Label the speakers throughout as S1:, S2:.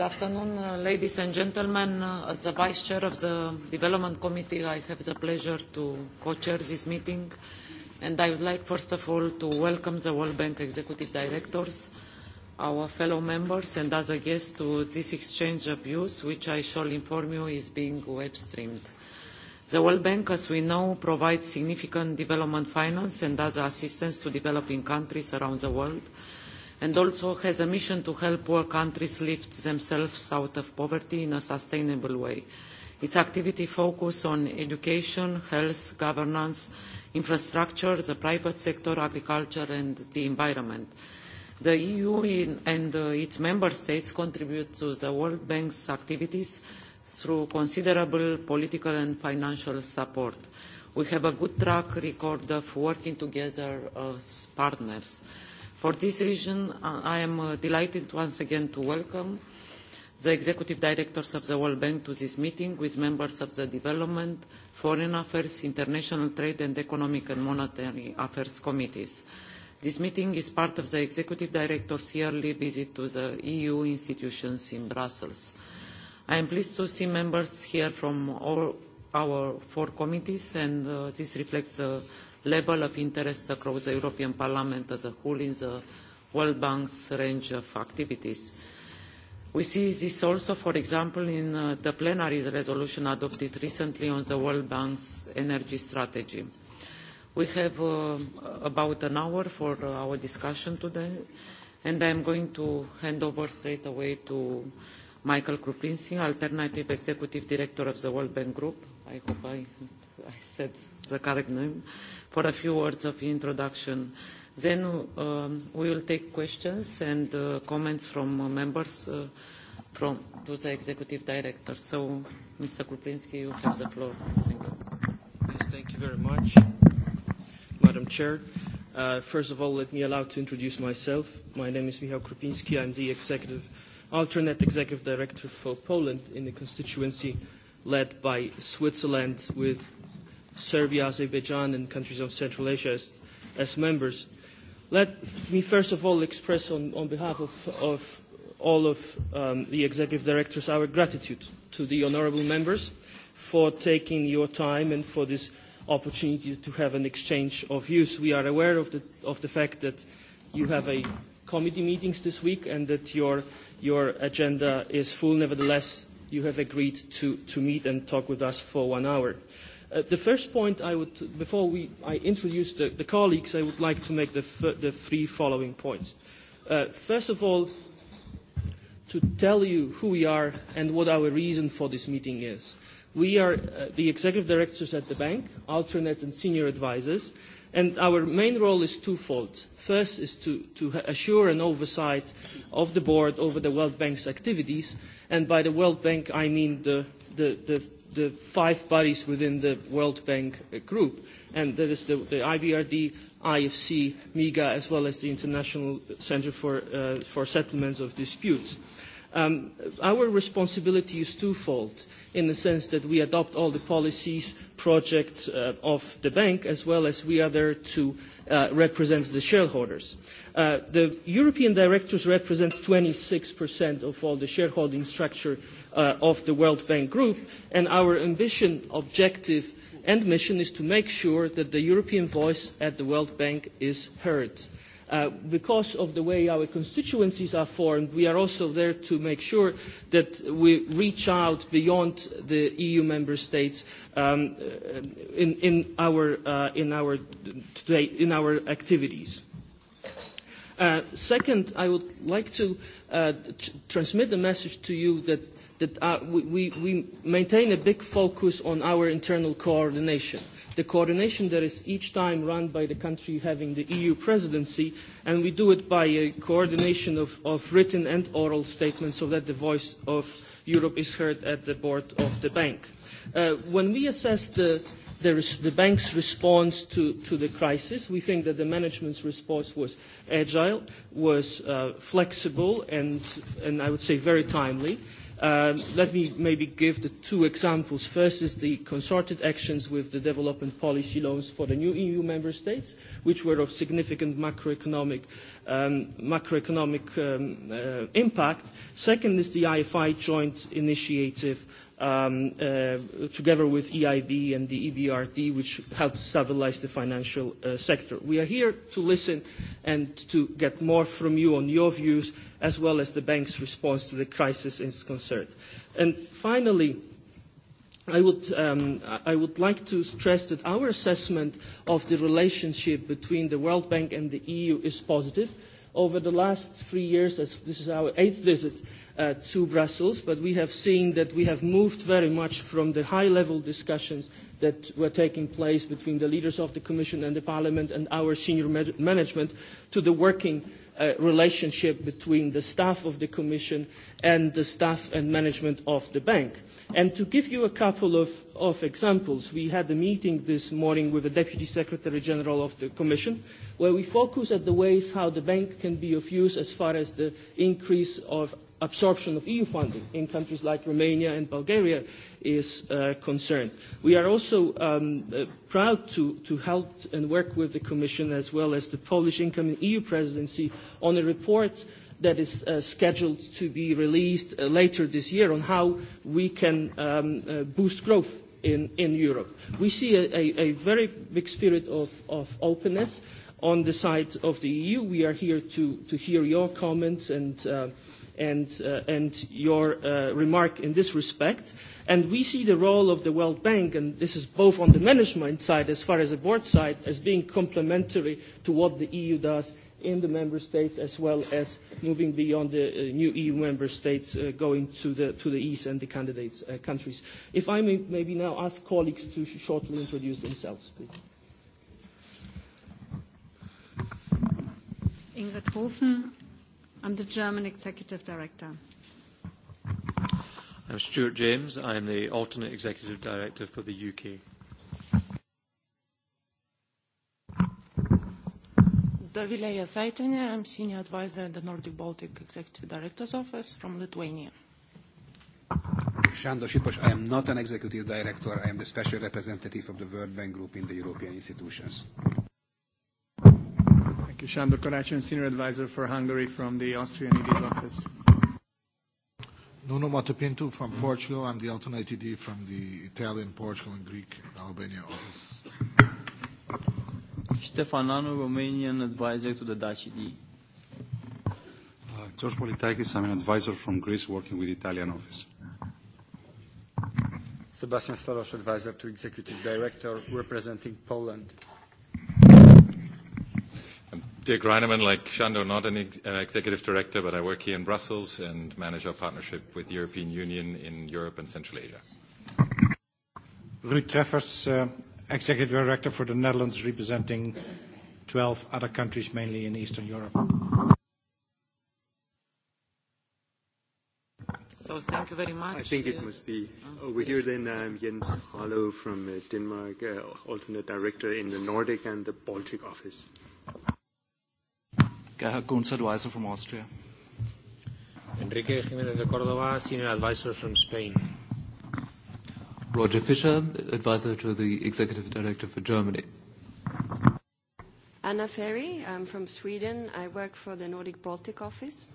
S1: Good afternoon, ladies and gentlemen. As the Vice Chair of the Development Committee, I have the pleasure to co-chair this meeting, and I would like, first of all, to welcome the World Bank Executive Directors, our fellow members, and other guests to this exchange of views, which I shall inform you is being web-streamed. The World Bank, as we know, provides significant development finance and other assistance to developing countries around the world, and also has a mission to help poor countries lift themselves out of poverty in a sustainable way. Its activity focuses on education, health, governance, infrastructure, the private sector, agriculture and the environment. The EU and its member states contribute to the World Bank's activities through considerable political and financial support. We have a good track record of working together as partners. For this reason, I am delighted once again to welcome the executive directors of the World Bank to this meeting with members of the Development, Foreign Affairs, International Trade and Economic and Monetary Affairs Committees. This meeting is part of the Executive Director's yearly visit to the EU institutions in Brussels. I am pleased to see members here from all our four committees, and this reflects the level of interest across the European Parliament as a whole in the World Bank's range of activities. We see this also, for example, in the plenary resolution adopted recently on the World Bank's energy strategy. We have about an hour for our discussion today, and I am going to hand over straight away to Michael Krupinski, Alternative Executive Director of the World Bank Group. I hope I said the correct name, for a few words of introduction. Then we will take questions and comments from members from to the executive
S2: director. So, Mr. Krupinsky, you have the floor. Thank you. thank you very much, Madam Chair. First of all, let me allow to introduce myself. My name is Michał Krupiński. I'm the executive, alternate executive director for Poland in the constituency led by Switzerland with Serbia, Azerbaijan, and countries of Central Asia as members. Let me first of all express on behalf of all of the executive directors our gratitude to the honourable members for taking your time and for this opportunity to have an exchange of views. We are aware of the fact that you have a committee meetings this week and that your your agenda is full. Nevertheless, you have agreed to to meet and talk with us for one hour. The first point I would, before I introduce the colleagues, I would like to make the three following points. First of all, to tell you who we are and what our reason for this meeting is. We are the executive directors at the bank, alternates and senior advisors, and our main role is twofold. First is to assure an oversight of the board over the World Bank's activities, and by the World Bank I mean the the five bodies within the World Bank group, and that is the IBRD, IFC, MIGA, as well as the International Centre for Settlements of Disputes. Our responsibility is twofold, in the sense that we adopt all the policies, projects of the bank, as well as we are there to represents the shareholders. The European directors represents 26% of all the shareholding structure of the World Bank Group, and our ambition, objective, and mission is to make sure that the European voice at the World Bank is heard. Because of the way our constituencies are formed, we are also there to make sure that we reach out beyond the EU member states in our activities. Second, I would like to transmit the message to you that we maintain a big focus on our internal coordination the coordination that is each time run by the country having the EU presidency, and we do it by a coordination of written and oral statements so that the voice of Europe is heard at the board of the bank. When we assess the bank's response to the crisis, we think that the management's response was agile, was flexible, and I would say very timely. Let me maybe give the two examples. First is the consorted actions with the development policy loans for the new EU member states, which were of significant macroeconomic impact. Second is the IFI joint initiative together with EIB and the EBRD, which helped stabilize the financial sector. We are here to listen and to get more from you on your views, as well as the bank's response to the crisis is concerned. And finally, I would like to stress that our assessment of the relationship between the World Bank and the EU is positive over the last three years, this is our eighth visit to Brussels, but we have seen that we have moved very much from the high-level discussions that were taking place between the leaders of the Commission and the Parliament and our senior management to the working relationship between the staff of the Commission and the staff and management of the bank. And to give you a couple of examples, we had a meeting this morning with the Deputy Secretary General of the Commission, where we focus at the ways how the bank can be of use as far as the increase of absorption of EU funding in countries like Romania and Bulgaria is concerned. We are also proud to help and work with the Commission as well as the Polish incoming EU Presidency on a report that is scheduled to be released later this year on how we can boost growth in Europe. We see a very big spirit of openness on the side of the EU. We are here to hear your comments and and your remark in this respect. And we see the role of the World Bank, and this is both on the management side as far as the board side, as being complementary to what the EU does in the member states as well as moving beyond the new EU member states going to the east and the candidate countries. If I may maybe now ask colleagues to shortly introduce themselves, please.
S3: Ingrid Hofen, I'm the German Executive Director.
S4: I'm Stuart James. I am the alternate Executive Director for the UK.
S1: Dovilė Saitienė. I'm Senior Advisor at the Nordic Baltic Executive Director's Office from Lithuania.
S5: Sándor Sipos, I am not an Executive Director. I am the Special Representative of the World Bank Group in the European institutions.
S6: Sándor Karácsony, Senior Advisor for Hungary from the Austrian ED's office. Nuno Matopinto from Portugal. I'm the alternate ED from the Italian, Portugal, and Greek Albania office.
S7: Stefan Anu, Romanian advisor to the Dutch ED.
S8: George Politakis, I'm an advisor from Greece working with Italian office.
S9: Sebastian Staros, advisor to Executive Director representing Poland.
S7: Dirk Reinemann, like Shando, not an executive director, but I work here in Brussels and manage our partnership with the European Union in Europe and Central Asia.
S10: Ruud Treffers, executive director for the Netherlands, representing 12 other countries, mainly in Eastern Europe.
S1: So thank you very much. I think it must
S11: be over here then. I'm Jens Salo from Denmark, alternate director in the Nordic and the Baltic office. Gerhard Gunz, advisor
S12: from Austria. Enrique Jiménez de Córdoba, senior advisor from Spain. Roger Fischer, advisor to the executive director for Germany.
S3: Anna Ferry, I'm from Sweden. I work for the Nordic Baltic office.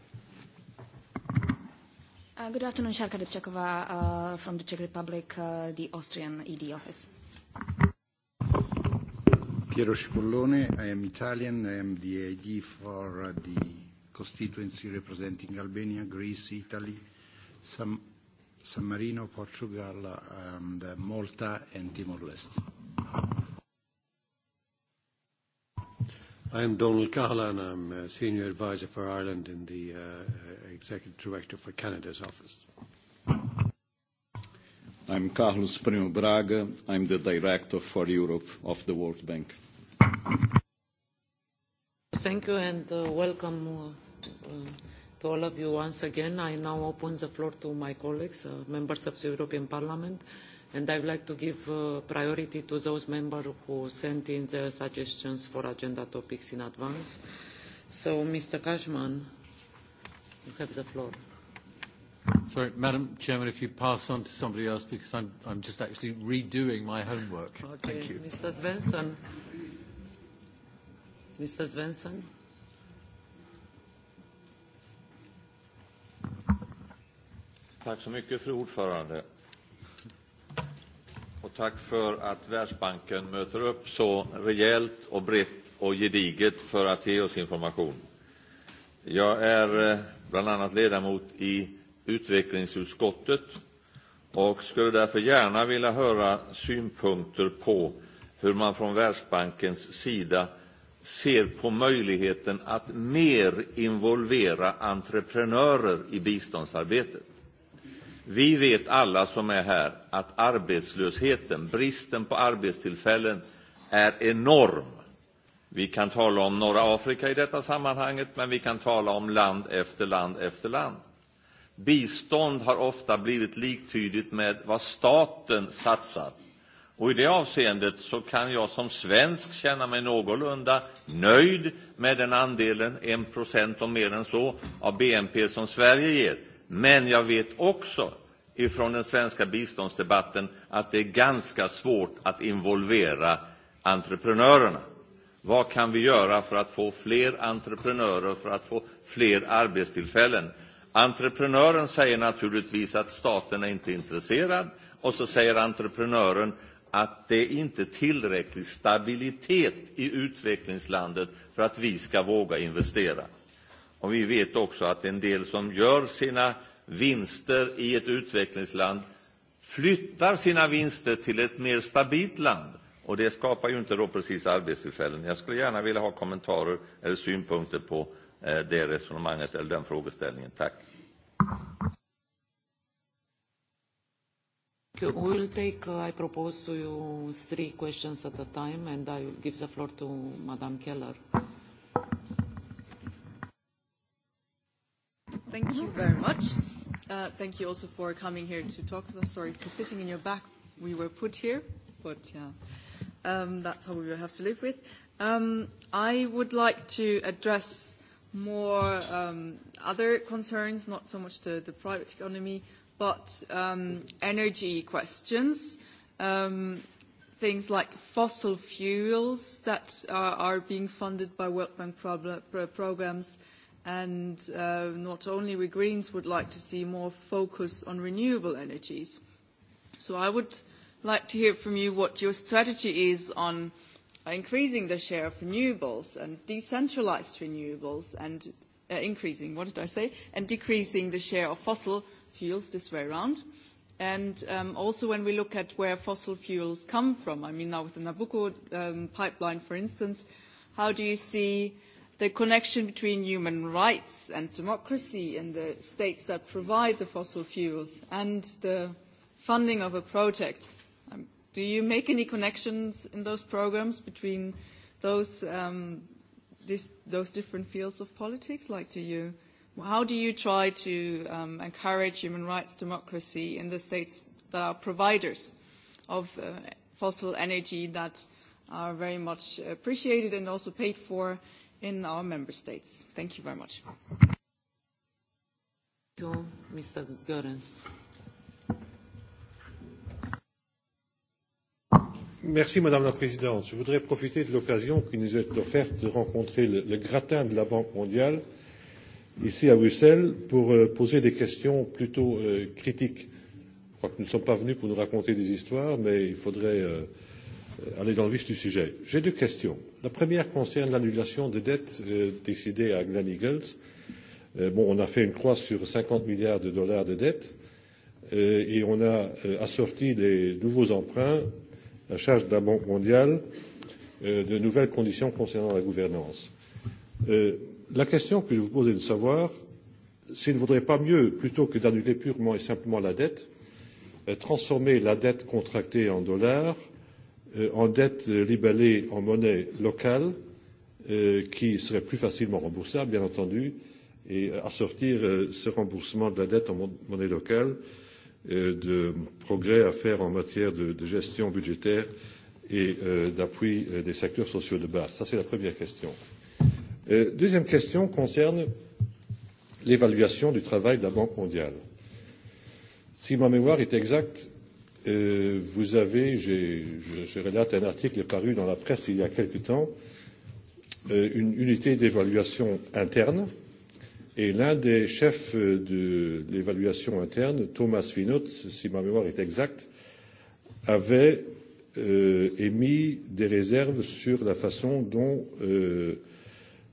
S3: Good afternoon, Sharka from the Czech Republic, the Austrian ED office.
S5: Piero Cipollone. I am Italian. I am the ID for the constituency representing Albania, Greece, Italy, San Marino, Portugal, and Malta and Timor-Leste.
S9: I am Donald Cahalan. I'm a Senior Advisor for Ireland in the Executive Director for Canada's Office.
S7: I'm Carlos Primo Braga. I'm the Director for Europe of the World
S13: Bank.
S1: Thank you and welcome to all of you once again. I now open the floor to my colleagues, members of the European Parliament, and I would like to give priority to those members who sent in their suggestions for agenda topics in advance. So, Mr. Cashman, you have the floor.
S14: Sorry, Madam Chairman, if you pass on to somebody else, because I'm, I'm just actually redoing my homework. Thank you.
S1: Mr. Svensson. Mr. Svensson.
S7: Tack så mycket, fru ordförande. Och tack för att Världsbanken möter upp så rejält och brett och gediget för att ge oss information. Jag är bland annat ledamot i utvecklingsutskottet och skulle därför gärna vilja höra synpunkter på hur man från Världsbankens sida ser på möjligheten att mer involvera entreprenörer i biståndsarbetet. Vi vet alla som är här att arbetslösheten, bristen på arbetstillfällen, är enorm. Vi kan tala om norra Afrika i detta sammanhanget, men vi kan tala om land efter land efter land. Bistånd har ofta blivit liktydigt med vad staten satsar. Och i det avseendet så kan jag som svensk känna mig någorlunda nöjd med den andelen, procent och mer än så, av BNP som Sverige ger. Men jag vet också ifrån den svenska biståndsdebatten att det är ganska svårt att involvera entreprenörerna. Vad kan vi göra för att få fler entreprenörer, för att få fler arbetstillfällen? Entreprenören säger naturligtvis att staten är inte intresserad och så säger entreprenören att det inte är tillräcklig stabilitet i utvecklingslandet för att vi ska våga investera. Och vi vet också att en del som gör sina vinster i ett utvecklingsland flyttar sina vinster till ett mer stabilt land. Och det skapar ju inte då precis arbetstillfällen. Jag skulle gärna vilja ha kommentarer eller synpunkter på det resonemanget eller den frågeställningen. Tack.
S1: We will take, I propose to you, three questions at a time, and I will give the floor to Madame Keller.
S15: Thank you very much. Uh, Thank you also for coming here to talk to us. Sorry for sitting in your back. We were put here, but yeah, that's how we will have to live with. Um, I would like to address more other concerns, not so much the private economy, but energy questions, things like fossil fuels that are being funded by World Bank programs, and not only we Greens would like to see more focus on renewable energies. So I would like to hear from you what your strategy is on by increasing the share of renewables and decentralized renewables and increasing, what did I say, and decreasing the share of fossil fuels this way around. And also when we look at where fossil fuels come from, I mean now with the Nabucco pipeline, for instance, how do you see the connection between human rights and democracy in the states that provide the fossil fuels and the funding of a project Do you make any connections in those programs between those those different fields of politics? Like, do you how do you try to encourage human rights democracy in the states that are providers of fossil energy that are very much appreciated and also paid for in our member states? Thank you very much.
S1: Mr.
S8: Merci, Madame la Présidente. Je voudrais profiter de l'occasion qui nous est offerte de rencontrer le gratin de la Banque mondiale ici à Bruxelles pour poser des questions plutôt critiques. Je crois que nous ne sommes pas venus pour nous raconter des histoires, mais il faudrait aller dans le vif du sujet. J'ai deux questions. La première concerne l'annulation des dettes décidées à Glen Eagles. On a fait une croix sur 50 milliards de dollars de dettes et on a assorti les nouveaux emprunts la charge de la Banque mondiale de nouvelles conditions concernant la gouvernance. La question que je vous pose est de savoir s'il ne vaudrait pas mieux, plutôt que d'annuler purement et simplement la dette, transformer la dette contractée en dollars en dette libellée en monnaie locale qui serait plus facilement remboursable, bien entendu, et assortir ce remboursement de la dette en monnaie locale de progrès à faire en matière de gestion budgétaire et d'appui des secteurs sociaux de base. Ça, c'est la première question. Deuxième question concerne l'évaluation du travail de la Banque mondiale. Si ma mémoire est exacte, vous avez, je relate un article paru dans la presse il y a quelque temps, une unité d'évaluation interne Et l'un des chefs de l'évaluation interne, Thomas Finot, si ma mémoire est exacte, avait émis des réserves sur la façon dont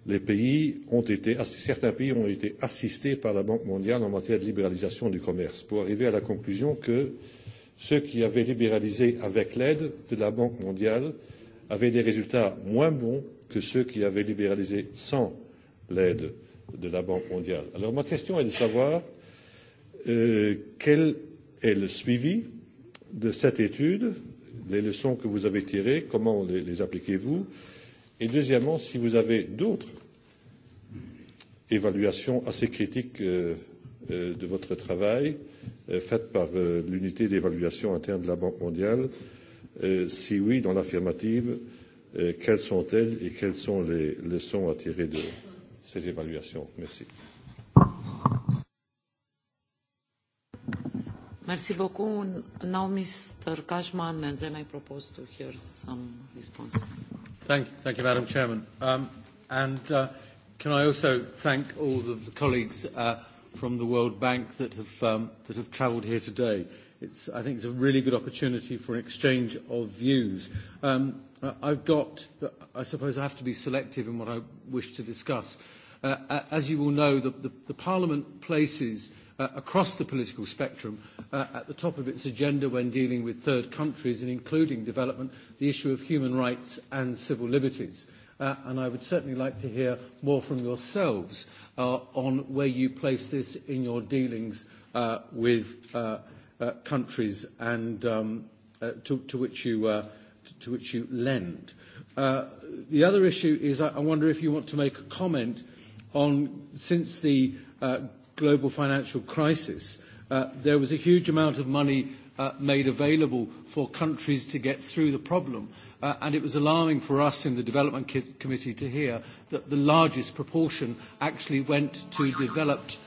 S8: les pays ont été, certains pays ont été assistés par la Banque mondiale en matière de libéralisation du commerce, pour arriver à la conclusion que ceux qui avaient libéralisé avec l'aide de la Banque mondiale avaient des résultats moins bons que ceux qui avaient libéralisé sans l'aide de la Banque mondiale. Alors ma question est de savoir quel est le suivi de cette étude, les leçons que vous avez tirées, comment les appliquez-vous et deuxièmement, si vous avez d'autres évaluations assez critiques de votre travail faites par l'unité d'évaluation interne de la Banque mondiale, si oui, dans l'affirmative, quelles sont-elles et quelles sont les leçons à tirer d'eux ces évaluations. Merci.
S1: Merci beaucoup. Now, Mr. Cashman, and then I propose to hear some responses.
S14: Thank you, thank you Madam Chairman. Um, And can I also thank all of the colleagues from the World Bank that have that have traveled here today. It's, I think it's a really good opportunity for an exchange of views. Um, I've got, I suppose I have to be selective in what I wish to discuss. As you will know, the Parliament places across the political spectrum at the top of its agenda when dealing with third countries and including development, the issue of human rights and civil liberties. And I would certainly like to hear more from yourselves on where you place this in your dealings with countries and to which you to which you lend. The other issue is I wonder if you want to make a comment on since the global financial crisis, there was a huge amount of money made available for countries to get through the problem. And it was alarming for us in the Development Committee to hear that the largest proportion actually went to developed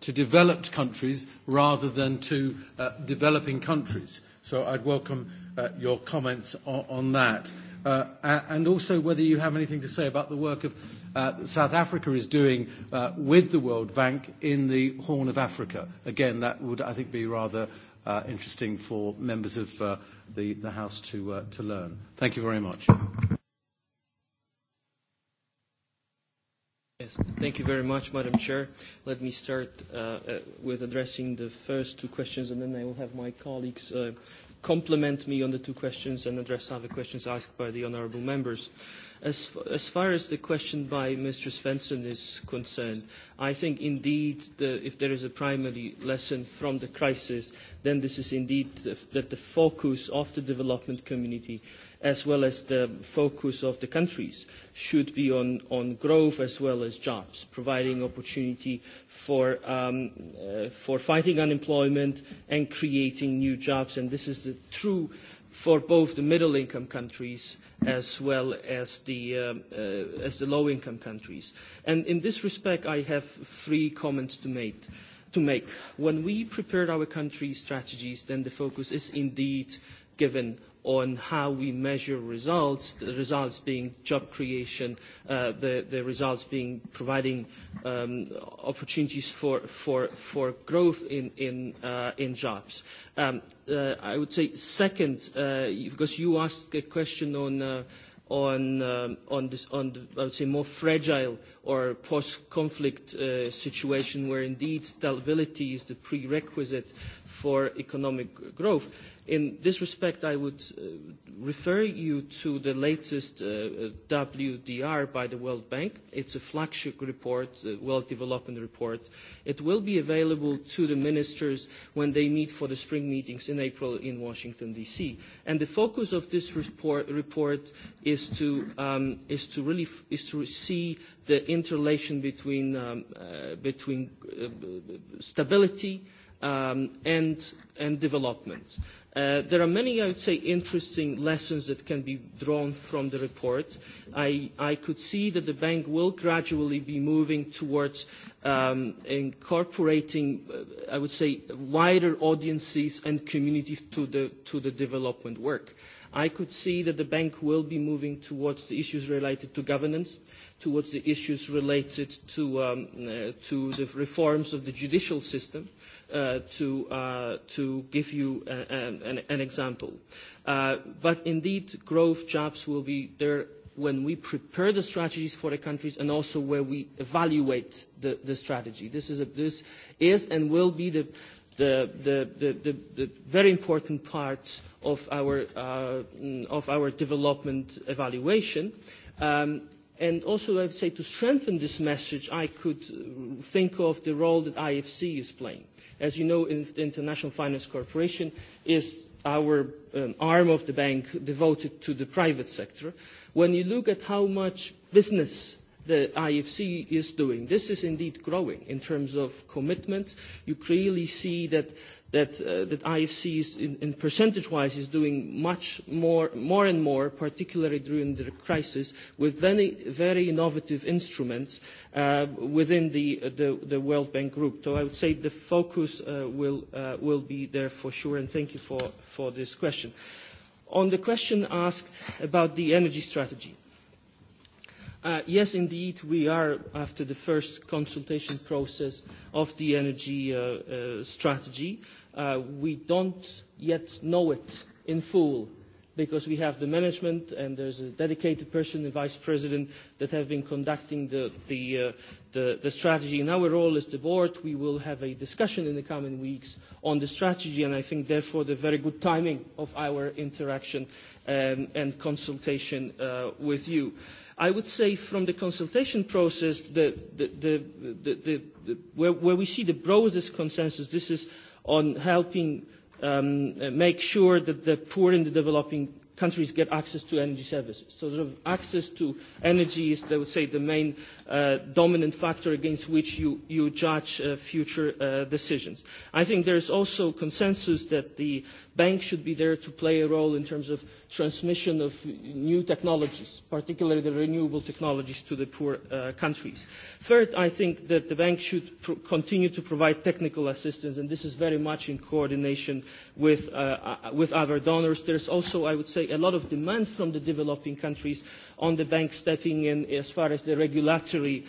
S14: to developed countries rather than to developing countries. So I'd welcome your comments on that, and also whether you have anything to say about the work of South Africa is doing with the World Bank in the Horn of Africa. Again, that would, I think, be rather interesting for members of the House to learn. Thank you very much.
S2: Yes, thank you very much, Madam Chair. Let me start with addressing the first two questions, and then I will have my colleagues complement me on the two questions and address other questions asked by the honourable members. As far as the question by Mr. Svensson is concerned, I think indeed if there is a primary lesson from the crisis, then this is indeed that the focus of the development community as well as the focus of the countries should be on on growth as well as jobs providing opportunity for for fighting unemployment and creating new jobs and this is true for both the middle income countries as well as the the low income countries and in this respect i have three comments to make to make when we prepared our country strategies then the focus is indeed given on how we measure results, the results being job creation, the results being providing opportunities for growth in jobs. I would say second, because you asked a question on on this, on I would say more fragile or post-conflict situation where indeed stability is the prerequisite for economic growth. In this respect, I would refer you to the latest WDR by the World Bank. It's a flagship report, a World Development Report. It will be available to the ministers when they meet for the spring meetings in April in Washington, D.C. And the focus of this report is to really to see the interrelation between stability, and development. There are many, I would say, interesting lessons that can be drawn from the report. I could see that the bank will gradually be moving towards incorporating, I would say, wider audiences and communities to the development work. I could see that the bank will be moving towards the issues related to governance, towards the issues related to the reforms of the judicial system, to give you an example. But indeed, growth jobs will be there when we prepare the strategies for the countries and also where we evaluate the strategy. This is is and will be the the the very important part of our development evaluation. And also, I would say, to strengthen this message, I could think of the role that IFC is playing. As you know, the International Finance Corporation is our arm of the bank devoted to the private sector. When you look at how much business the IFC is doing. This is indeed growing in terms of commitment. You clearly see that that IFC is, in percentage-wise, is doing much more, more and more, particularly during the crisis, with very innovative instruments within the the World Bank Group. So I would say the focus will be there for sure, and thank you for for this question. On the question asked about the energy strategy, Yes, indeed, we are after the first consultation process of the energy strategy. We don't yet know it in full because we have the management and there's a dedicated person, the vice president, that have been conducting the strategy. In our role as the board, we will have a discussion in the coming weeks on the strategy, and I think, therefore, the very good timing of our interaction and consultation with you. I would say from the consultation process, where we see the broadest consensus, this is on helping make sure that the poor in the developing countries get access to energy services. So access to energy is, I would say, the main dominant factor against which you judge future decisions. I think there is also consensus that the Banks should be there to play a role in terms of transmission of new technologies, particularly the renewable technologies, to the poor countries. Third, I think that the bank should continue to provide technical assistance, and this is very much in coordination with other donors. There's also, I would say, a lot of demand from the developing countries on the bank stepping in as far as the regulatory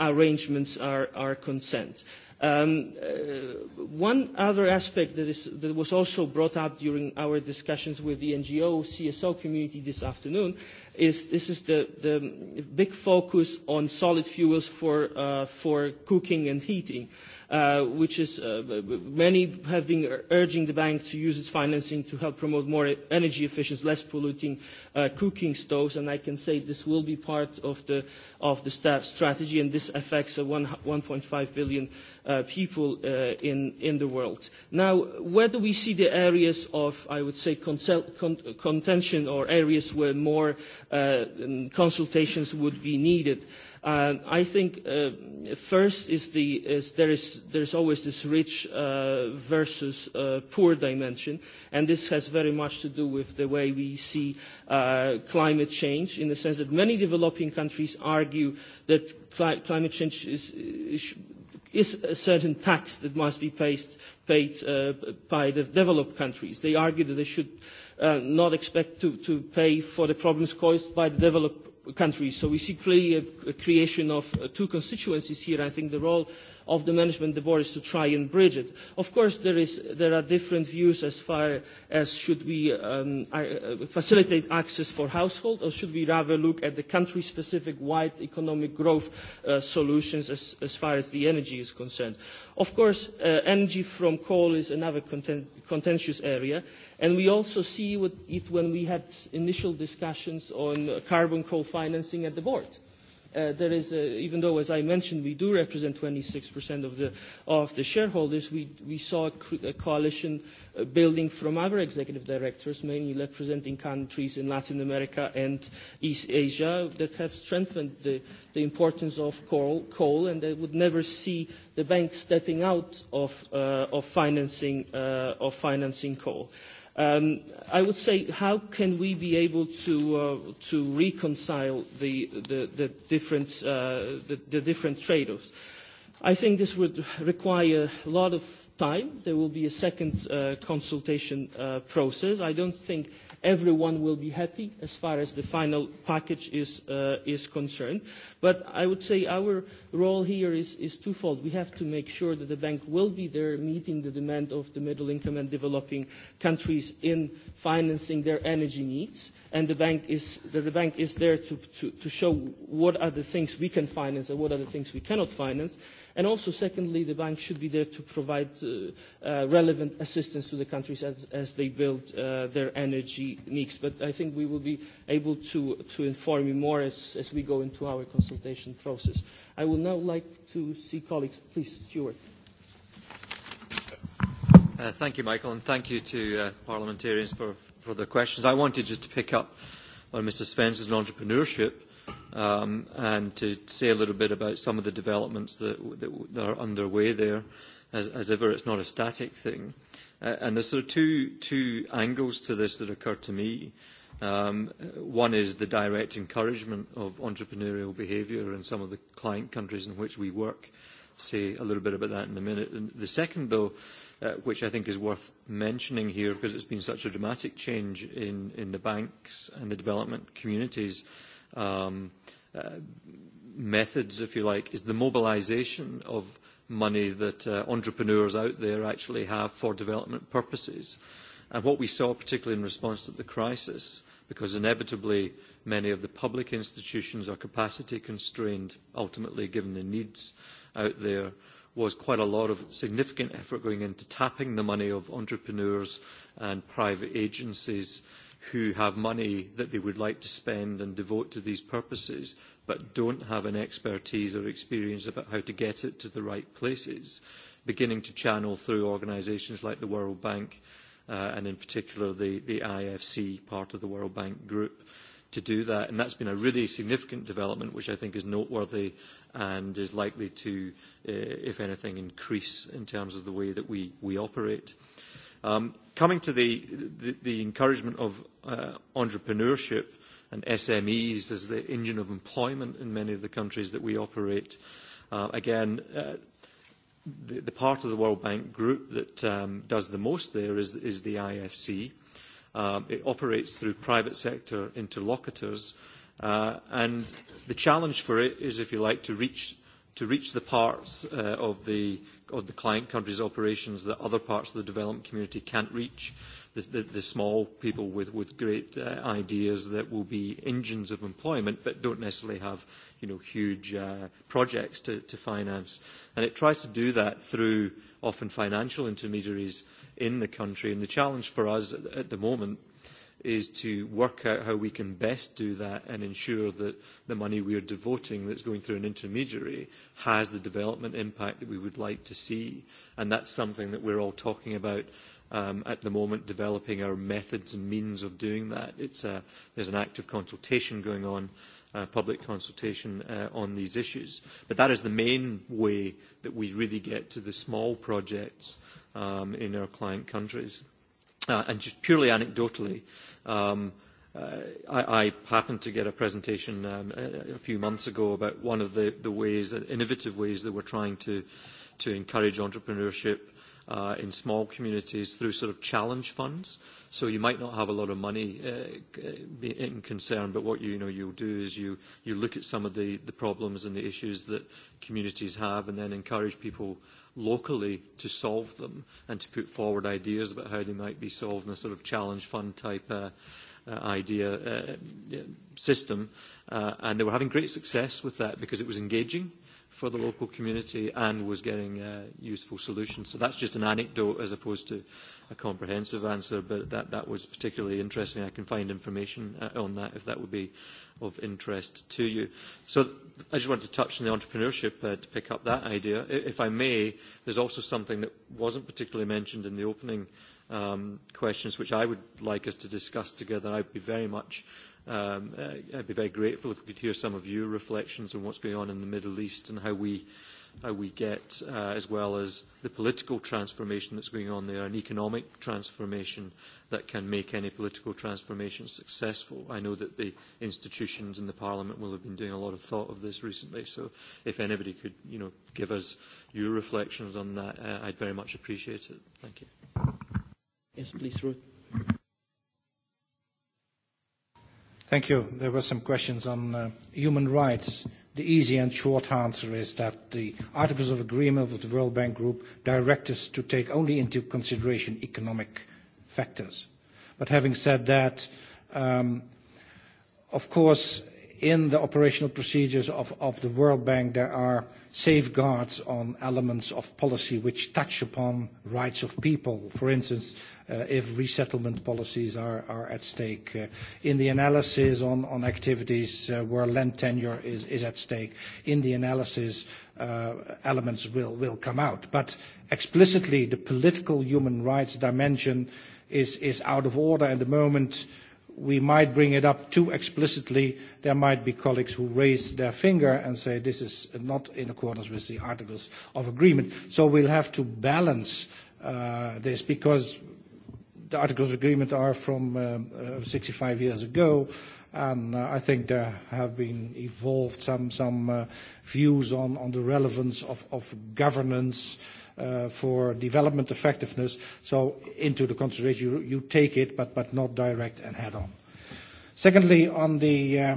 S2: arrangements are concerned. One other aspect that was also brought up during our discussions with the NGO CSO community this afternoon is this is the big focus on solid fuels for cooking and heating which is many have been urging the bank to use its financing to help promote more energy efficient, less polluting cooking stoves, and I can say this will be part of the of the strategy, and this affects 1.5 billion people in in the world. Now, where do we see the areas of, I would say, contention or areas where more consultations would be needed? I think first is the is there is there's always this rich versus poor dimension, and this has very much to do with the way we see climate change in the sense that many developing countries argue that climate change is is a certain tax that must be paid by the developed countries. They argue that they should not expect to pay for the problems caused by the developed countries. So we see clearly a creation of two constituencies here. I think the role of the management the board is to try and bridge it. Of course, there are different views as far as should we facilitate access for households or should we rather look at the country-specific wide economic growth solutions as far as the energy is concerned. Of course, energy from coal is another contentious area, and we also see it when we had initial discussions on carbon coal financing at the board there is even though as i mentioned we do represent 26% of the of the shareholders we we saw a coalition building from other executive directors mainly representing countries in latin america and east asia that have strengthened the the importance of coal and they would never see the bank stepping out of of financing of financing coal I would say, how can we be able to to reconcile the the the different the different trade-offs? I think this would require a lot of time. There will be a second consultation process. I don't think everyone will be happy as far as the final package is is concerned. But I would say our role here is is twofold. We have to make sure that the bank will be there meeting the demand of the middle income and developing countries in financing their energy needs and the bank is the bank is there to to show what are the things we can finance and what are the things we cannot finance And also, secondly, the bank should be there to provide relevant assistance to the countries as they build their energy needs. But I think we will be able to inform you more as we go into our consultation process. I would now like to see colleagues. Please, Stuart.
S4: Thank you, Michael, and thank you to parliamentarians for for the questions. I wanted just to pick up on Mr. Svensson's entrepreneurship and to say a little bit about some of the developments that are underway there. As ever, it's not a static thing. And there's sort of two angles to this that occur to me. One is the direct encouragement of entrepreneurial behaviour in some of the client countries in which we work. Say a little bit about that in a minute. The second, though, which I think is worth mentioning here, because it's been such a dramatic change in the banks and the development communities, methods, if you like, is the mobilisation of money that entrepreneurs out there actually have for development purposes. And what we saw, particularly in response to the crisis, because inevitably many of the public institutions are capacity constrained, ultimately given the needs out there, was quite a lot of significant effort going into tapping the money of entrepreneurs and private agencies who have money that they would like to spend and devote to these purposes, but don't have an expertise or experience about how to get it to the right places, beginning to channel through organisations like the World Bank and in particular the IFC, part of the World Bank Group, to do that. And that's been a really significant development, which I think is noteworthy and is likely to, if anything, increase in terms of the way that we operate. Coming to the encouragement of entrepreneurship and SMEs as the engine of employment in many of the countries that we operate, again, the part of the World Bank group that does the most there is the IFC. It operates through private sector interlocutors, and the challenge for it is, if you like, to reach to reach the parts of the client country's operations that other parts of the development community can't reach, the small people with great ideas that will be engines of employment but don't necessarily have huge projects to finance. And it tries to do that through often financial intermediaries in the country. And the challenge for us at the moment is to work out how we can best do that and ensure that the money we are devoting that's going through an intermediary has the development impact that we would like to see. And that's something that we're all talking about at the moment, developing our methods and means of doing that. It's is there's an active consultation going on, public consultation on these issues. But that is the main way that we really get to the small projects in our client countries. And just purely anecdotally, I happened to get a presentation a few months ago about one of the ways, innovative ways that we're trying to encourage entrepreneurship in small communities through sort of challenge funds. So you might not have a lot of money in concern, but what you know you'll do is you you look at some of the the problems and the issues that communities have, and then encourage people locally to solve them and to put forward ideas about how they might be solved in a sort of challenge fund type idea system. And they were having great success with that because it was engaging for the local community and was getting useful solutions. So that's just an anecdote as opposed to a comprehensive answer, but that, that was particularly interesting. I can find information on that if that would be of interest to you. So I just wanted to touch on the entrepreneurship to pick up that idea. If I may, there's also something that wasn't particularly mentioned in the opening questions, which I would like us to discuss together. I'd be very much I'd be very grateful if we could hear some of your reflections on what's going on in the Middle East and how we how we get, as well as the political transformation that's going on there, an economic transformation that can make any political transformation successful. I know that the institutions in the Parliament will have been doing a lot of thought of this recently, so if anybody could you know, give us your reflections on that, I'd very much appreciate it. Thank you.
S2: Yes, please, Ruth.
S10: Thank you. There were some questions on human rights. The easy and short answer is that the Articles of Agreement of the World Bank Group direct us to take only into consideration economic factors. But having said that, of course, in the operational procedures of the World Bank, there are safeguards on elements of policy which touch upon rights of people. For instance, if resettlement policies are at stake, in the analysis on activities where land tenure is at stake, in the analysis elements will come out. But explicitly, the political human rights dimension is out of order at the moment we might bring it up too explicitly, there might be colleagues who raise their finger and say this is not in accordance with the Articles of Agreement. So we'll have to balance this because the Articles of Agreement are from 65 years ago, and I think there have been evolved some views on the relevance of governance for development effectiveness. So into the consideration you take it, but not direct and head-on. Secondly, on the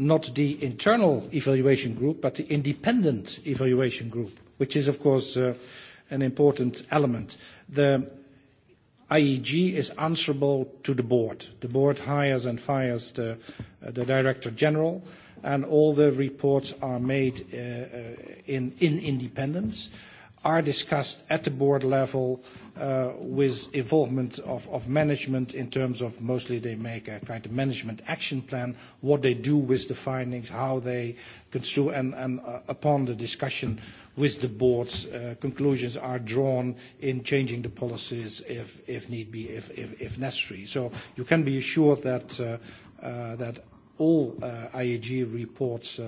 S10: not the internal evaluation group, but the independent evaluation group, which is, of course, an important element. The IEG is answerable to the board. The board hires and fires the Director General and all the reports are made in independence, are discussed at the board level with involvement of management in terms of mostly they make a kind of management action plan, what they do with the findings, how they construe, and upon the discussion with the boards, conclusions are drawn in changing the policies if need be, if necessary. So you can be assured that all IAG reports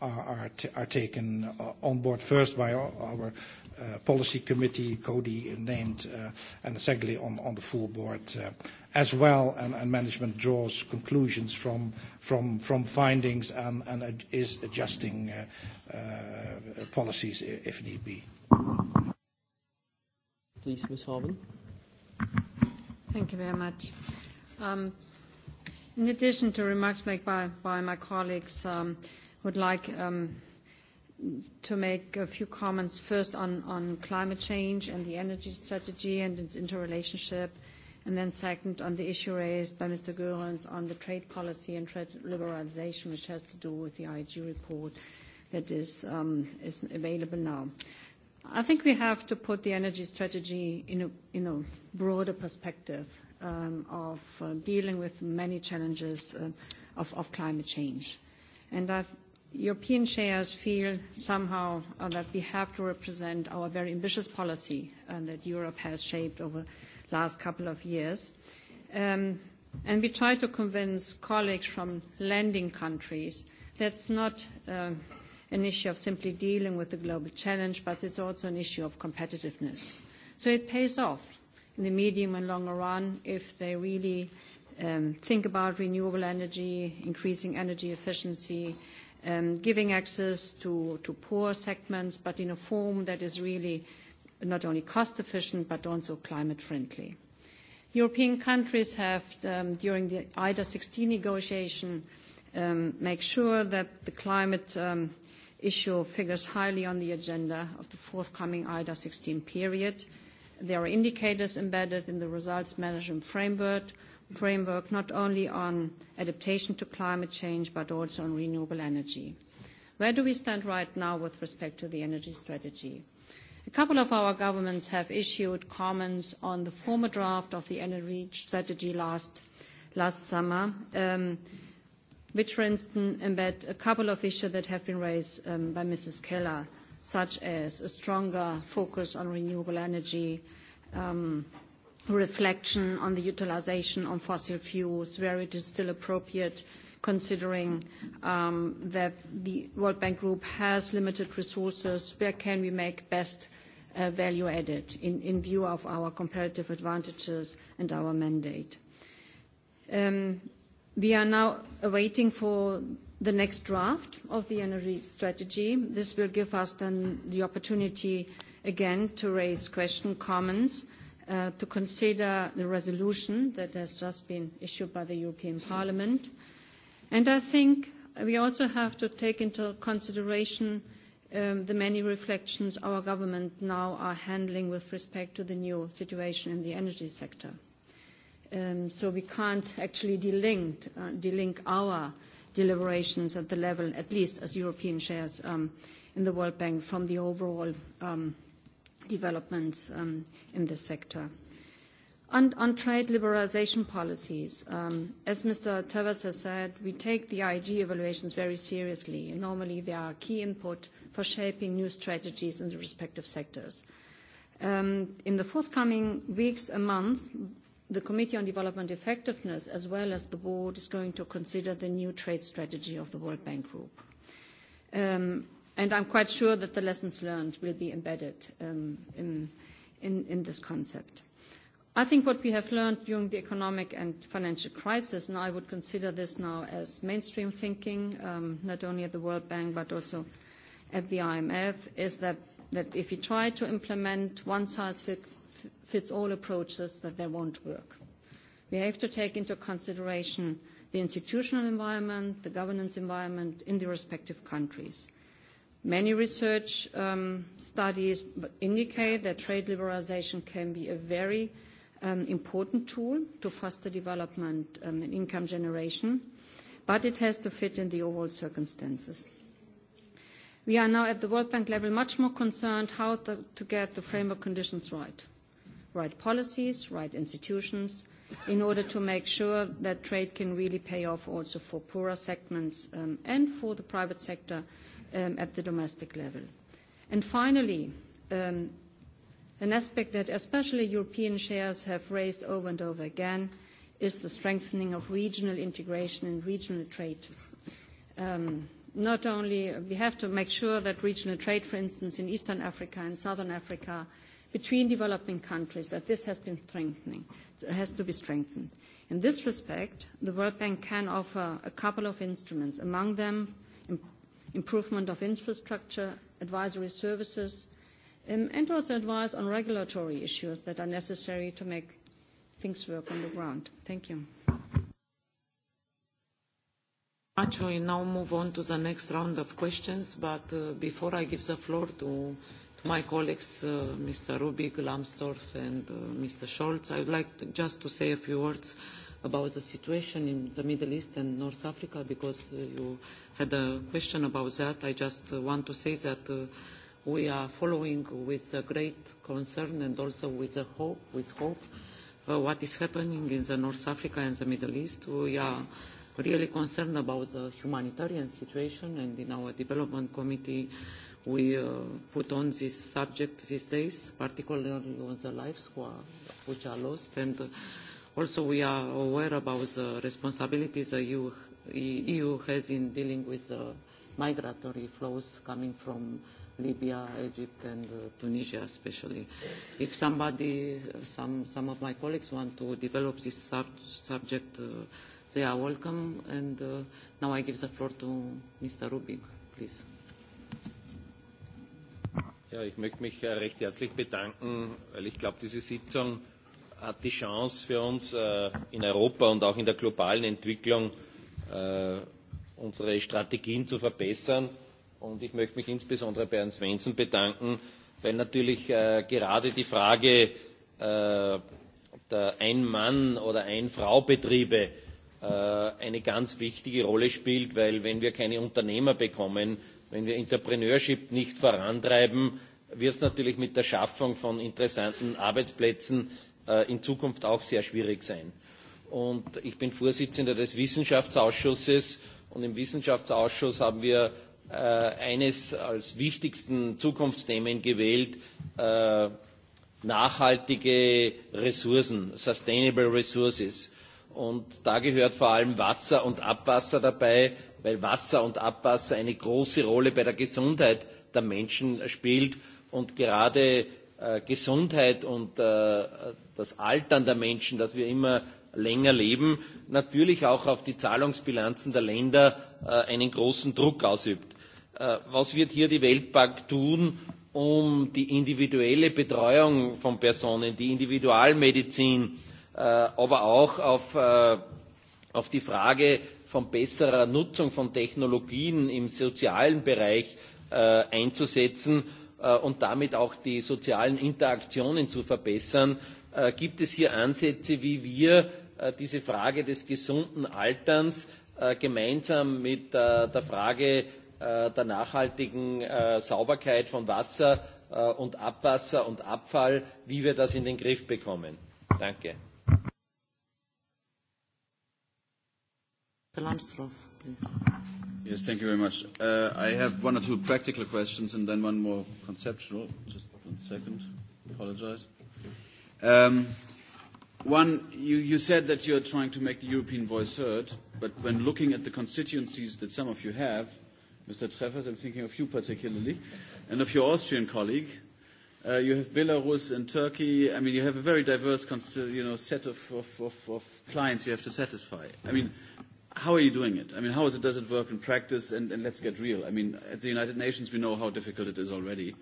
S10: are taken on board first by our policy committee, CODI named, and secondly on the full board as well, and management draws conclusions from findings and is adjusting policies if need be. Please,
S2: Ms. Hoven.
S3: Thank you very much. In addition to remarks made by my colleagues, I would like to make a few comments first on climate change and the energy strategy and its interrelationship, and then second on the issue raised by Mr. Goerens on the trade policy and trade liberalization, which has to do with the IG report that is available now. I think we have to put the energy strategy in a broader perspective of dealing with many challenges of climate change. And I European shares feel somehow that we have to represent our very ambitious policy that Europe has shaped over the last couple of years. And we try to convince colleagues from lending countries that's not an issue of simply dealing with the global challenge, but it's also an issue of competitiveness. So it pays off in the medium and longer run if they really think about renewable energy, increasing energy efficiency, giving access to poor segments, but in a form that is really not only cost efficient but also climate friendly. European countries have, during the IDA 16 negotiation, make sure that the climate issue figures highly on the agenda of the forthcoming IDA 16 period. There are indicators embedded in the results management framework, not only on adaptation to climate change, but also on renewable energy. Where do we stand right now with respect to the energy strategy? A couple of our governments have issued comments on the former draft of the energy strategy last summer, which, for instance, embed a couple of issues that have been raised by Mrs. Keller, such as a stronger focus on renewable energy, reflection on the utilization of fossil fuels, where it is still appropriate, considering that the World Bank Group has limited resources, where can we make best value added in view of our comparative advantages and our mandate. We are now awaiting for the next draft of the energy strategy. This will give us then the opportunity again to raise question comments to consider the resolution that has just been issued by the European Parliament. And I think we also have to take into consideration the many reflections our government now are handling with respect to the new situation in the energy sector. So we can't actually delink our deliberations at the level, at least as European shares in the World Bank, from the overall developments in this sector. On trade liberalisation policies, as Mr. Tavares has said, we take the IG evaluations very seriously. Normally, they are key input for shaping new strategies in the respective sectors. In the forthcoming weeks and months, the Committee on Development Effectiveness, as well as the Board, is going to consider the new trade strategy of the World Bank Group. And I'm quite sure that the lessons learned will be embedded in this concept. I think what we have learned during the economic and financial crisis, and I would consider this now as mainstream thinking, not only at the World Bank but also at the IMF, is that if you try to implement one-size-fits-all approaches, that they won't work. We have to take into consideration the institutional environment, the governance environment in the respective countries. Many research studies indicate that trade liberalization can be a very important tool to foster development and income generation, but it has to fit in the overall circumstances. We are now at the World Bank level much more concerned how to get the framework conditions right, right policies, right institutions, in order to make sure that trade can really pay off also for poorer segments and for the private sector at the domestic level. And finally, an aspect that especially European shares have raised over and over again is the strengthening of regional integration and regional trade. Not only we have to make sure that regional trade, for instance, in Eastern Africa and Southern Africa, between developing countries, that this has been strengthening, has to be strengthened. In this respect, the World Bank can offer a couple of instruments, among them improvement of infrastructure, advisory services, and also advice on regulatory issues that are necessary to make things work on the ground. Thank you.
S1: Much. We now move on to the next round of questions, but before I give the floor to my colleagues, Mr. Rubik, Lambsdorff, and Mr. Scholz, I would like just to say a few words about the situation in the Middle East and North Africa because you had a question about that. I just want to say that we are following with great concern and also with hope, with hope what is happening in the North Africa and the Middle East. We are really concerned about the humanitarian situation and in our development committee we put on this subject these days, particularly on the lives which are lost and Also, we are aware about the responsibilities the EU has in dealing with migratory flows coming from Libya, Egypt, and Tunisia especially. If somebody, some some of my colleagues want to develop this subject, they are welcome. And now I give the floor to Mr. Rubik, please.
S16: Ja, ich möchte mich recht herzlich bedanken, weil ich glaube, diese Sitzung hat die Chance für uns in Europa und auch in der globalen Entwicklung unsere Strategien zu verbessern. Und ich möchte mich insbesondere bei Herrn Svensson bedanken, weil natürlich gerade die Frage der Ein-Mann- oder Ein-Frau-Betriebe eine ganz wichtige Rolle spielt, weil wenn wir keine Unternehmer bekommen, wenn wir Entrepreneurship nicht vorantreiben, wird es natürlich mit der Schaffung von interessanten Arbeitsplätzen in Zukunft auch sehr schwierig sein. ich bin Vorsitzender des Wissenschaftsausschusses und im Wissenschaftsausschuss haben wir eines als wichtigsten Zukunftsthemen gewählt, nachhaltige Ressourcen, sustainable resources. Und da gehört vor allem Wasser und Abwasser dabei, weil Wasser und Abwasser eine große Rolle bei der Gesundheit der Menschen spielt. Und gerade Gesundheit und das Altern der Menschen, dass wir immer länger leben, natürlich auch auf die Zahlungsbilanzen der Länder einen großen Druck ausübt. Was wird hier die Weltbank tun, um die individuelle Betreuung von Personen, die Individualmedizin, aber auch auf die Frage von besserer Nutzung von Technologien im sozialen Bereich einzusetzen und damit auch die sozialen Interaktionen zu verbessern, gibt es hier Ansätze, wie wir diese Frage des gesunden Alterns gemeinsam mit der Frage der nachhaltigen Sauberkeit von Wasser und Abwasser und Abfall, wie wir das in den Griff bekommen. Danke.
S13: Yes, thank you very much. I have one or two practical questions and then one more conceptual. Just one second. Apologize. One, you said that you are trying to make the European voice heard, but when looking at the constituencies that some of you have, Mr. Treffers, I'm thinking of you particularly, and of your Austrian colleague, you have Belarus and Turkey. I mean, you have a very diverse set of clients you have to satisfy. I mean, how are you doing it? I mean, how is it, does it work in practice? And, and let's get real. I mean, at the United Nations, we know how difficult it is already.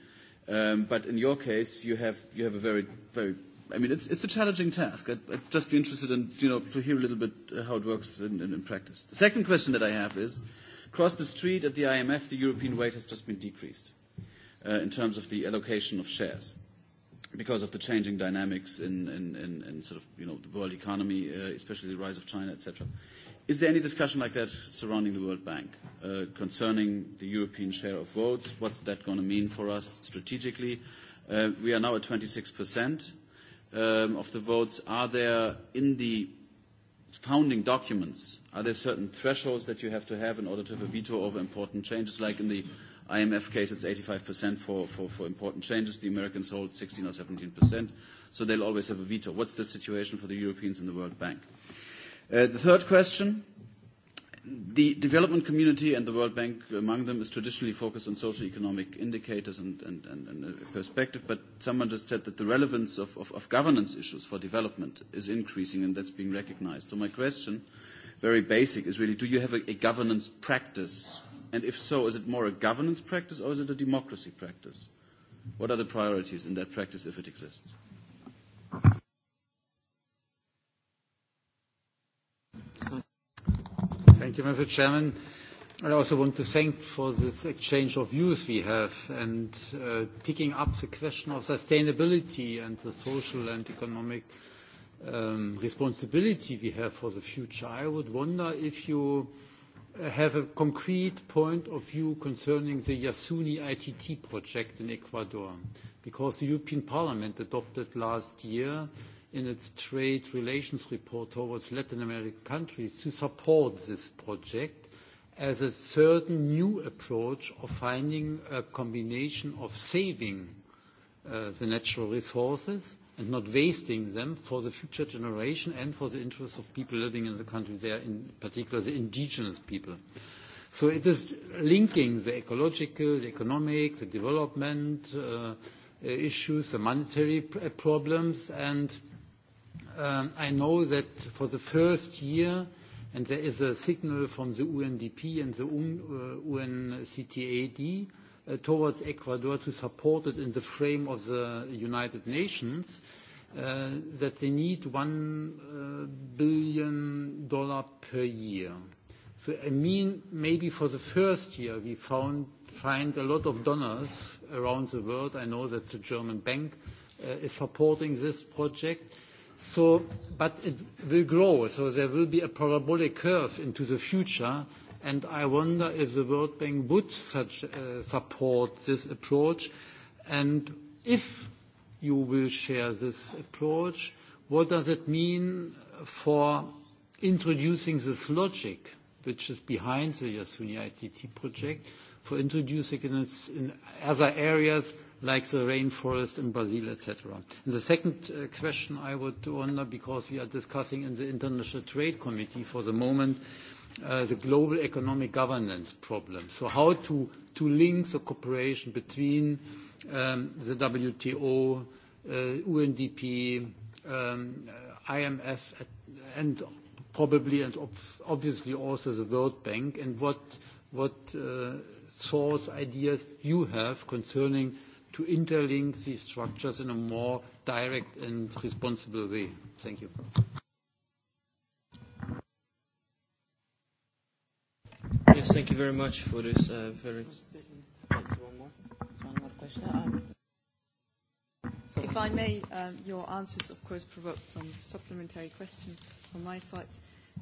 S13: Um, but in your case, you have, you have a very, very, I mean, it's, it's a challenging task. I'd, I'd just be interested in, you know, to hear a little bit how it works in, in, practice. The second question that I have is, across the street at the IMF, the European weight has just been decreased uh, in terms of the allocation of shares because of the changing dynamics in, in, in, in sort of, you know, the world economy, uh, especially the rise of China, etc. cetera. Is there any discussion like that surrounding the World Bank concerning the European share of votes? What's that going to mean for us strategically? We are now at 26% of the votes. Are there in the founding documents, are there certain thresholds that you have to have in order to have a veto over important changes? Like in the IMF case, it's 85% for important changes. The Americans hold 16 or 17%, so they'll always have a veto. What's the situation for the Europeans in the World Bank? The third question, the development community and the World Bank among them is traditionally focused on social economic indicators and perspective, but someone just said that the relevance of governance issues for development is increasing and that's being recognized. So my question, very basic, is really do you have a governance practice? And if so, is it more a governance practice or is it a democracy practice? What are the priorities in that practice if it exists?
S12: Mr. President, I also want to thank for this exchange of views we have and picking up the question of sustainability and the social and economic responsibility we have for the future. I would wonder if you have a concrete point of view concerning the Yasuni ITT project in Ecuador, because the European Parliament adopted last year in its trade relations report towards Latin American countries to support this project as a certain new approach of finding a combination of saving the natural resources and not wasting them for the future generation and for the interests of people living in the country there, in particular the indigenous people. So it is linking the ecological, the economic, the development issues, the monetary problems and I know that for the first year, and there is a signal from the UNDP and the UNCTAD towards Ecuador to support it in the frame of the United Nations, that they need $1 billion per year. So I mean, maybe for the first year, we find a lot of donors around the world. I know that the German bank is supporting this project but it will grow, so there will be a parabolic curve into the future, and I wonder if the World Bank would such support this approach, and if you will share this approach, what does it mean for introducing this logic, which is behind the Yasuni ITT project, for introducing it in other areas like the rainforest in Brazil, etc. The second question I would wonder, because we are discussing in the International Trade Committee for the moment, the global economic governance problem. So how to link the cooperation between the WTO, UNDP, IMF, and probably and obviously also the World Bank, and what thoughts, ideas you have concerning to interlink these structures in a more direct and
S2: responsible way. Thank you. Yes, thank you very much for this very. If I may,
S15: your answers, of course, provoke some supplementary questions from my side,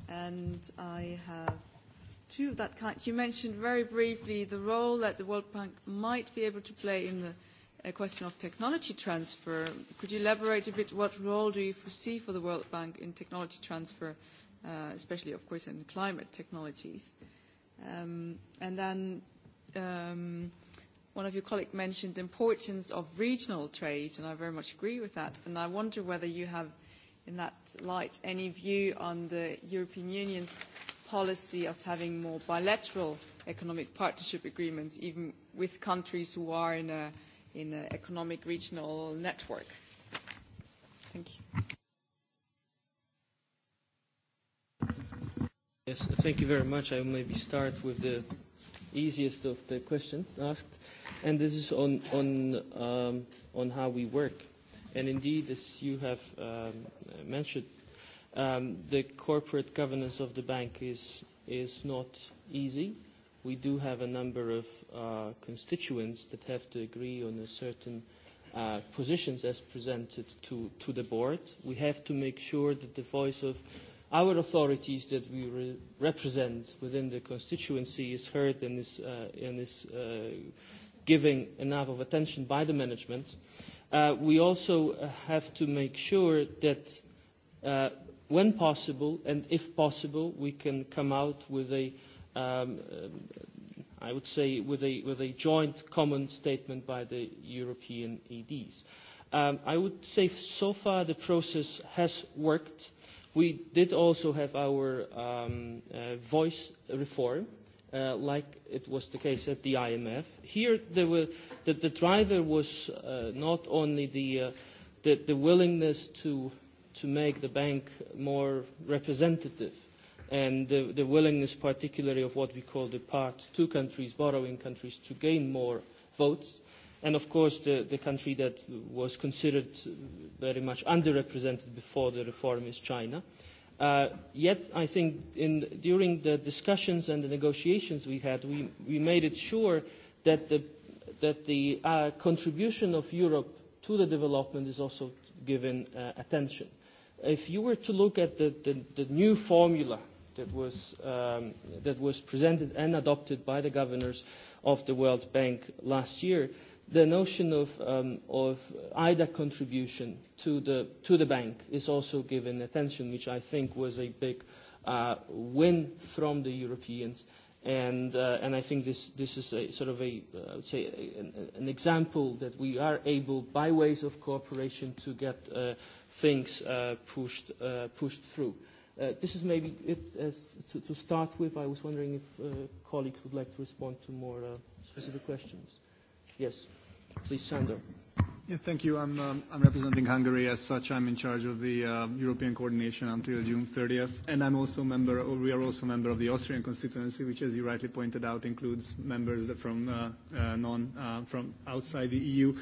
S15: and I have two of that kind. You mentioned very briefly the role that the World Bank might be able to play in the a question of technology transfer. Could you elaborate a bit what role do you foresee for the World Bank in technology transfer, especially, of course, in climate technologies? And then one of your colleagues mentioned the importance of regional trade, and I very much agree with that. And I wonder whether you have, in that light, any view on the European Union's policy of having more bilateral economic partnership agreements, even with countries who are in a in an economic regional network. Thank you.
S2: Yes, thank you very much. I will maybe start with the easiest of the questions asked, and this is on on um, on how we work. And indeed, as you have um, mentioned, um, the corporate governance of the bank is is not easy we do have a number of constituents that have to agree on a certain positions as presented to to the board. We have to make sure that the voice of our authorities that we represent within the constituency is heard and is and is giving enough of attention by the management. We also have to make sure that when possible and if possible we can come out with a I would say, with a joint common statement by the European EDs. I would say so far the process has worked. We did also have our voice reform, like it was the case at the IMF. Here, the driver was not only the willingness to make the bank more representative and the willingness particularly of what we call the part two countries, borrowing countries, to gain more votes. And of course the country that was considered very much underrepresented before the reform is China. Yet I think during the discussions and the negotiations we had, we made it sure that the contribution of Europe to the development is also given attention. If you were to look at the new formula that was that was presented and adopted by the governors of the World Bank last year, the notion of of IDA contribution to the to the bank is also given attention, which I think was a big win from the Europeans. And I think this this is a sort of a I would say an example that we are able, by ways of cooperation, to get things pushed pushed through. This is maybe it as to start with. I was wondering if colleagues would like to respond to more specific questions.
S6: Yes, please, Sandor.
S2: Yes, thank you. I'm I'm
S6: representing Hungary. As such, I'm in charge of the European coordination until June 30th, and I'm also member, or we are also a member of the Austrian constituency, which, as you rightly pointed out, includes members from non from outside the EU.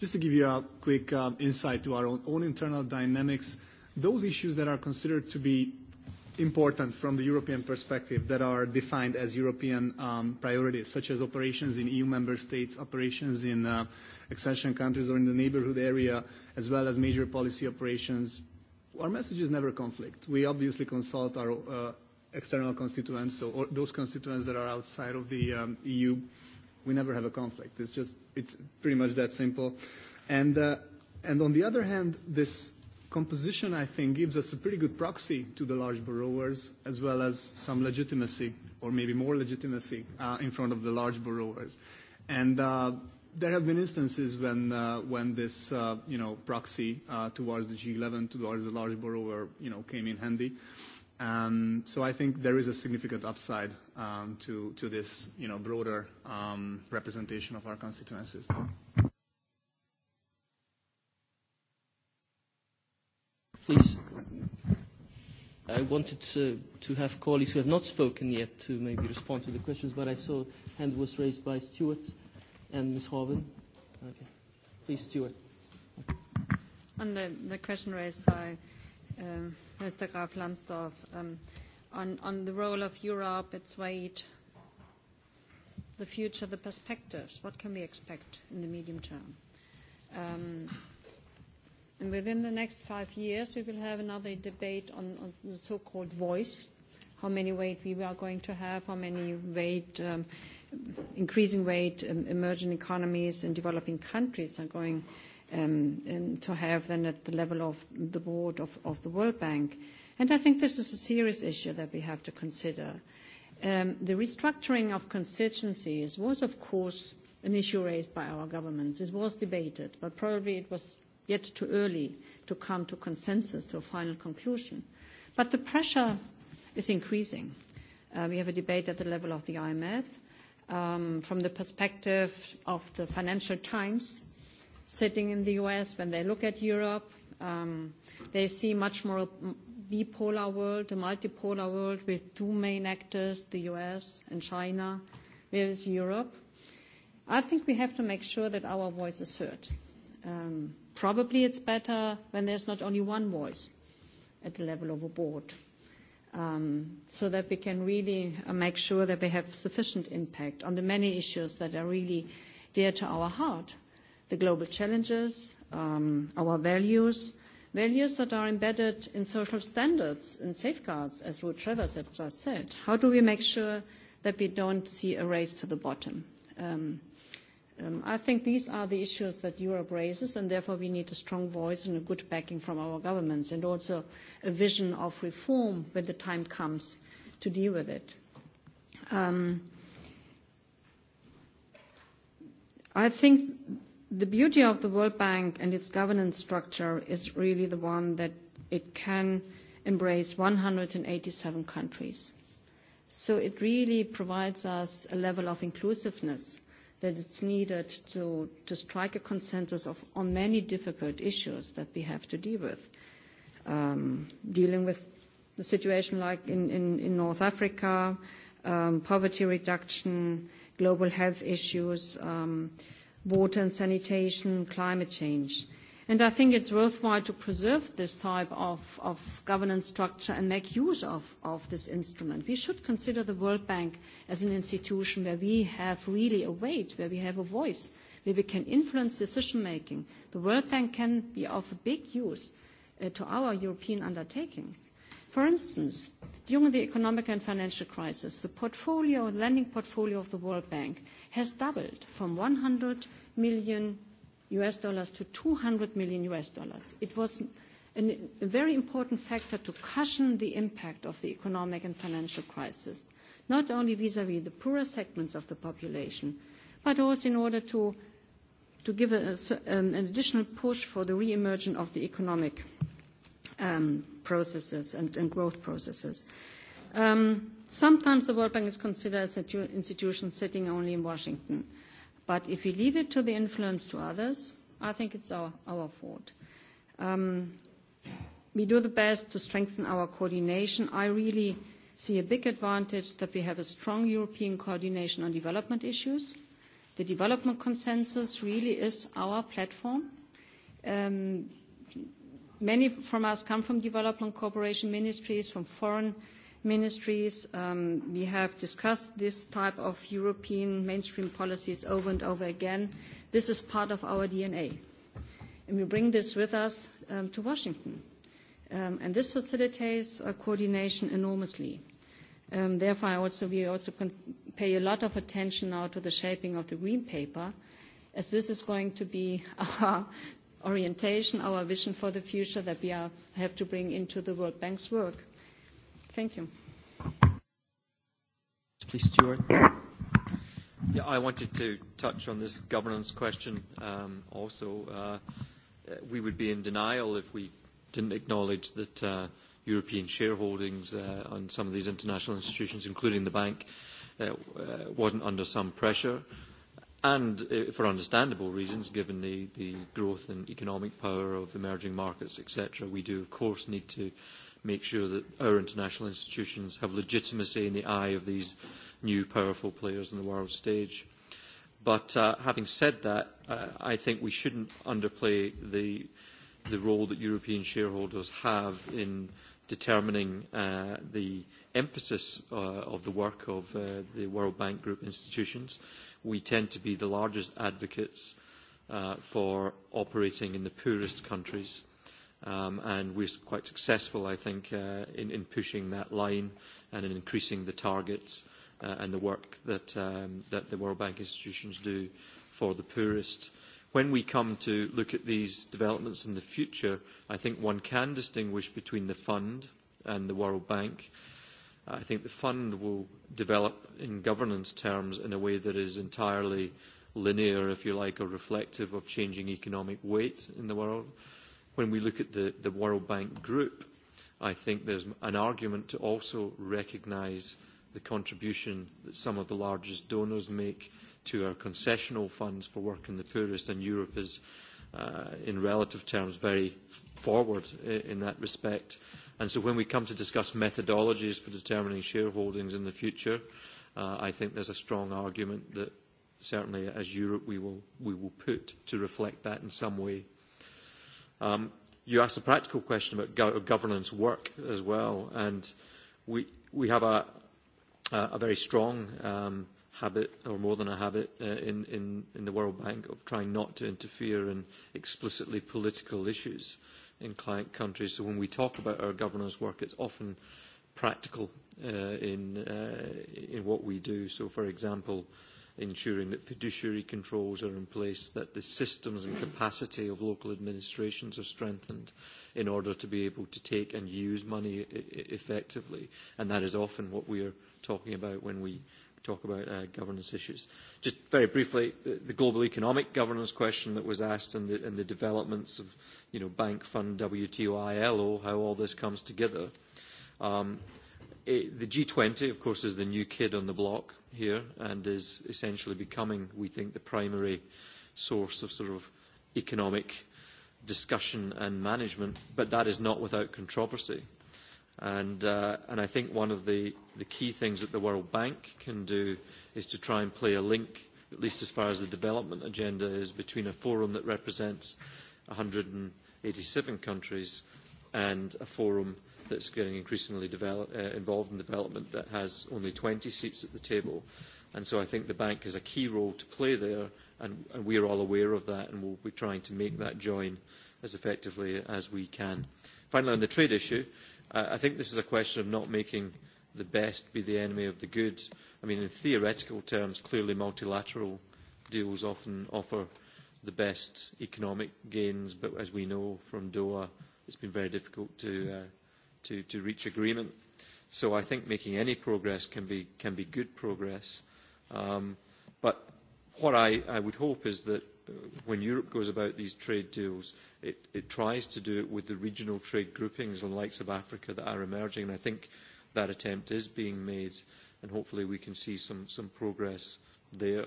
S6: Just to give you a quick insight to our own internal dynamics those issues that are considered to be important from the European perspective that are defined as European priorities, such as operations in EU member states, operations in accession countries or in the neighborhood area, as well as major policy operations. Our messages never conflict. We obviously consult our external constituents, so those constituents that are outside of the EU. We never have a conflict. It's just, it's pretty much that simple. And on the other hand, this composition, I think, gives us a pretty good proxy to the large borrowers, as well as some legitimacy, or maybe more legitimacy, in front of the large borrowers. And there have been instances when when this you know proxy towards the G11, towards the large borrower, you know, came in handy. Um, so I think there is a significant upside um, to to this you know broader um, representation of our constituencies.
S2: Please, I wanted to have colleagues who have not spoken yet to maybe respond to the questions, but I saw a hand was raised by Stuart and Ms. Hoven. Okay. Please, Stuart.
S3: On the question raised by Mr. Graf Lambsdorff on the role of Europe, its weight, the future, the perspectives, what can we expect in the medium term? Within the next five years, we will have another debate on the so-called voice, how many weight we are going to have, how many weight, increasing weight emerging economies and developing countries are going to have then at the level of the board of the World Bank. And I think this is a serious issue that we have to consider. The restructuring of constituencies was, of course, an issue raised by our governments. It was debated, but probably it was yet too early to come to consensus, to a final conclusion. But the pressure is increasing. We have a debate at the level of the IMF. From the perspective of the Financial Times, sitting in the US, when they look at Europe, they see much more bipolar world, a multipolar world with two main actors, the US and China, where is Europe. I think we have to make sure that our voice is heard. Probably it's better when there's not only one voice at the level of a board, um, so that we can really make sure that we have sufficient impact on the many issues that are really dear to our heart, the global challenges, our values, values that are embedded in social standards and safeguards, as Ruth Travers has just said. How do we make sure that we don't see a race to the bottom? Um I think these are the issues that Europe raises, and therefore we need a strong voice and a good backing from our governments, and also a vision of reform when the time comes to deal with it. I think the beauty of the World Bank and its governance structure is really the one that it can embrace 187 countries. So it really provides us a level of inclusiveness that it's needed to strike a consensus on many difficult issues that we have to deal with. Dealing with the situation like in in North Africa, poverty reduction, global health issues, water and sanitation, climate change. And I think it's worthwhile to preserve this type of governance structure and make use of this instrument. We should consider the World Bank as an institution where we have really a weight, where we have a voice, where we can influence decision-making. The World Bank can be of big use to our European undertakings. For instance, during the economic and financial crisis, the portfolio, lending portfolio of the World Bank has doubled from 100 million US dollars to 200 million US dollars. It was a very important factor to cushion the impact of the economic and financial crisis, not only vis-à-vis the poorer segments of the population, but also in order to give an additional push for the re-emergence of the economic processes and growth processes. Sometimes the World Bank is considered as an institution sitting only in Washington. But if we leave it to the influence to others, I think it's our fault. We do the best to strengthen our coordination. I really see a big advantage that we have a strong European coordination on development issues. The development consensus really is our platform. Many from us come from development cooperation ministries, from foreign ministries. We have discussed this type of European mainstream policies over and over again. This is part of our DNA. And we bring this with us to Washington. And this facilitates coordination enormously. Therefore, we also pay a lot of attention now to the shaping of the Green Paper, as this is going to be our orientation, our vision for the future that we have to bring into the World Bank's work. Thank you.
S11: Please, Stuart.
S4: Yeah, I wanted to touch on this governance question also. We would be in denial if we didn't acknowledge that European shareholdings on some of these international institutions, including the bank, wasn't under some pressure, and for understandable reasons, given the growth and economic power of emerging markets, etc. We do, of course, need to make sure that our international institutions have legitimacy in the eye of these new powerful players on the world stage. But having said that, I think we shouldn't underplay the role that European shareholders have in determining the emphasis of the work of the World Bank Group institutions. We tend to be the largest advocates for operating in the poorest countries and we're quite successful, I think, in pushing that line and in increasing the targets and the work that the World Bank institutions do for the poorest. When we come to look at these developments in the future, I think one can distinguish between the fund and the World Bank. I think the fund will develop in governance terms in a way that is entirely linear, if you like, or reflective of changing economic weight in the world when we look at the, World Bank Group, I think there's an argument to also recognise the contribution that some of the largest donors make to our concessional funds for working the poorest, and Europe is, in relative terms, very forward in that respect. And so when we come to discuss methodologies for determining shareholdings in the future, I think there's a strong argument that certainly as Europe we will put to reflect that in some way You asked a practical question about governance work as well, and we we have a a very strong habit, or more than a habit, in in the World Bank of trying not to interfere in explicitly political issues in client countries. So when we talk about our governance work, it's often practical in in what we do. So, for example ensuring that fiduciary controls are in place, that the systems and capacity of local administrations are strengthened in order to be able to take and use money effectively. And that is often what we are talking about when we talk about governance issues. Just very briefly, the global economic governance question that was asked and the developments of bank fund, WTO, ILO, how all this comes together. The G20, of course, is the new kid on the block here and is essentially becoming, we think, the primary source of sort of economic discussion and management, but that is not without controversy. And I think one of the key things that the World Bank can do is to try and play a link, at least as far as the development agenda is, between a forum that represents 187 countries and a forum that's getting increasingly involved in development that has only 20 seats at the table. And so I think the bank has a key role to play there, and we are all aware of that, and we'll be trying to make that join as effectively as we can. Finally, on the trade issue, I think this is a question of not making the best be the enemy of the good. I mean, in theoretical terms, clearly multilateral deals often offer the best economic gains, but as we know from Doha, it's been very difficult to to reach agreement. So I think making any progress can be can be good progress. But what I I would hope is that when Europe goes about these trade deals, it it tries to do it with the regional trade groupings and likes of Africa that are emerging. And I think that attempt is being made, and hopefully we can see some some progress there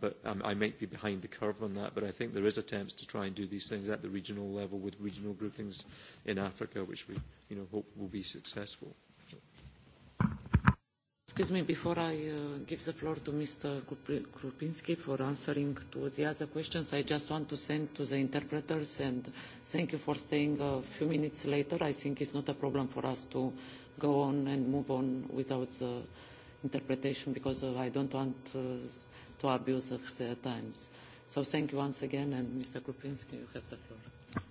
S4: but I might be behind the curve on that, but I think there is attempts to try and do these things at the regional level with regional groupings in Africa, which we you know, hope will be successful.
S1: Excuse me, before I give the floor to Mr. Krupinski for answering to the other questions, I just want to send to the interpreters and thank you for staying a few minutes later. I think it's not a problem for us to go on and move on without the interpretation because I don't want to abuse of their times. So thank you once again, and Mr. Krupinski, you have the floor.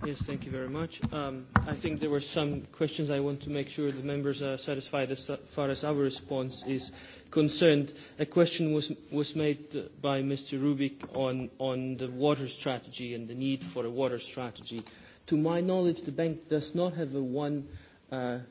S2: Yes, thank you very much. I think there were some questions I want to make sure the members are satisfied as far as our response is concerned. A question was was made by Mr. Rubik on on the water strategy and the need for a water strategy. To my knowledge, the bank does not have a one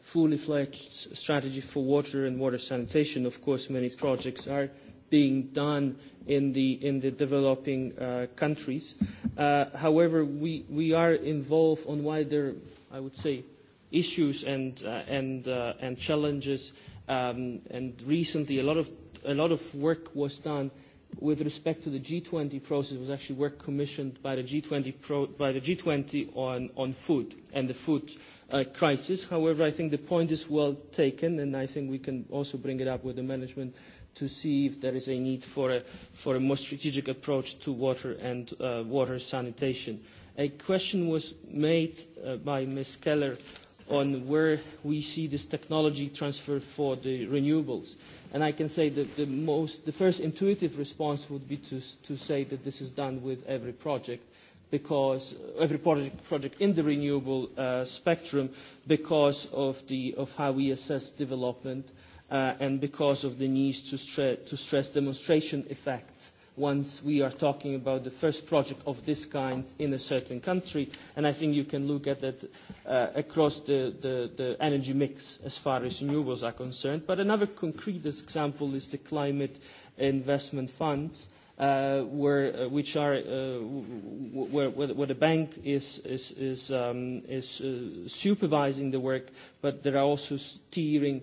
S2: fully fledged strategy for water and water sanitation. Of course, many projects are being done in the in the developing countries. However, we we are involved on wider, I would say, issues and and and challenges. And recently, a lot of a lot of work was done with respect to the G20 process. It Was actually work commissioned by the G20 by the G20 on on food and the food crisis. However, I think the point is well taken, and I think we can also bring it up with the management to see if there is a need for a for a more strategic approach to water and water sanitation. A question was made by Ms. Keller on where we see this technology transfer for the renewables. And I can say that the most the first intuitive response would be to to say that this is done with every project because every project in the renewable spectrum because of the of how we assess development and because of the need to stress demonstration effects once we are talking about the first project of this kind in a certain country. And I think you can look at that across the energy mix as far as renewables are concerned. But another concrete example is the climate investment funds where which the bank is is is supervising the work but there are also steering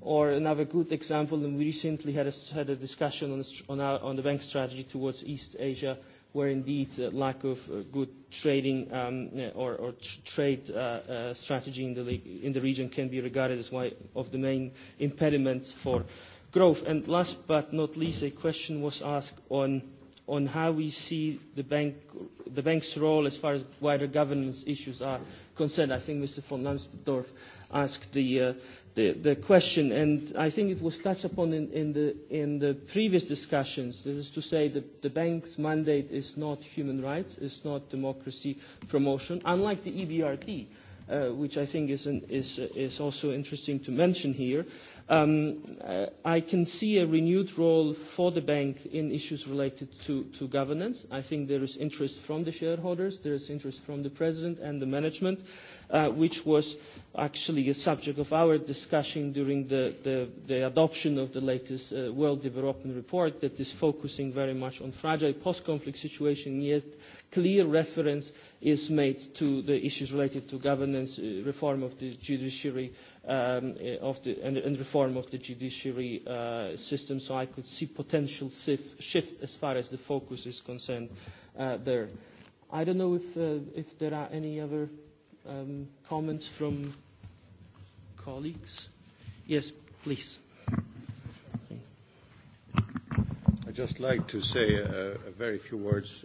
S2: Or another good example, and we recently had a discussion on the bank strategy towards East Asia, where indeed lack of good trading or trade strategy in the region can be regarded as one of the main impediments for growth. And last but not least, a question was asked on on how we see the bank the bank's role as far as wider governance issues are concerned. I think Mr von Lambsdorff asked the the question and I think it was touched upon in in the in the previous discussions. This is to say that the bank's mandate is not human rights, is not democracy promotion, unlike the EBRD, which I think is is is also interesting to mention here. I can see a renewed role for the bank in issues related to governance. I think there is interest from the shareholders, there is interest from the president and the management, which was actually a subject of our discussion during the adoption of the latest World Development Report that is focusing very much on fragile post-conflict situation, yet clear reference is made to the issues related to governance, reform of the judiciary, of the and reform of the judiciary system. So I could see potential shift as far as the focus is concerned there. I don't know if if there are any other comments from colleagues. Yes, please.
S9: I'd just like to say a very few words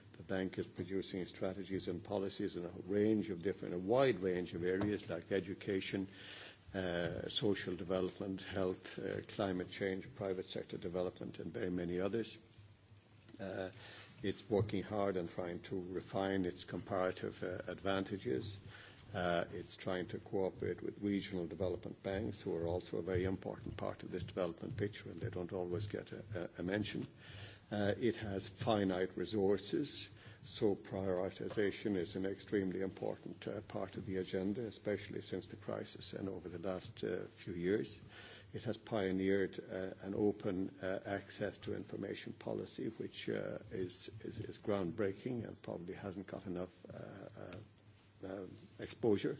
S9: Bank is producing strategies and policies in a range of different, a wide range of areas like education, social development, health, climate change, private sector development, and very many others. It's working hard and trying to refine its comparative advantages. It's trying to cooperate with regional development banks, who are also a very important part of this development picture, and they don't always get a mention. It has finite resources. So prioritization is an extremely important part of the agenda, especially since the crisis and over the last few years. It has pioneered an open access to information policy, which is groundbreaking and probably hasn't got enough exposure.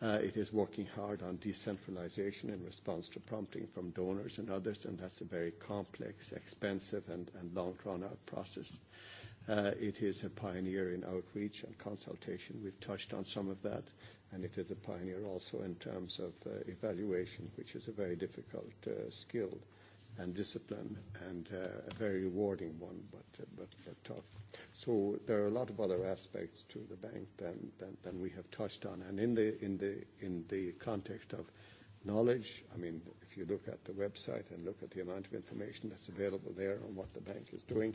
S9: It is working hard on decentralization in response to prompting from donors and others, and that's a very complex, expensive, and long-drawn-out process. It is a pioneer in outreach and consultation. We've touched on some of that, and it is a pioneer also in terms of evaluation, which is a very difficult skill and discipline and a very rewarding one, but but tough. So there are a lot of other aspects to the bank than than than we have touched on. And in the in the in the context of knowledge, I mean, if you look at the website and look at the amount of information that's available there on what the bank is doing,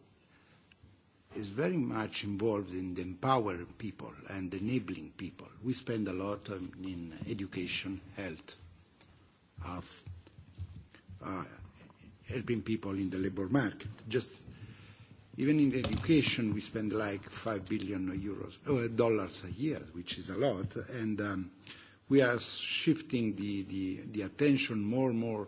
S5: is very much involved in empowering people and enabling people. We spend a lot in education, health, of helping people in the labor market. Just even in education, we spend like five billion euros dollars a year, which is a lot, and we are shifting the attention more and more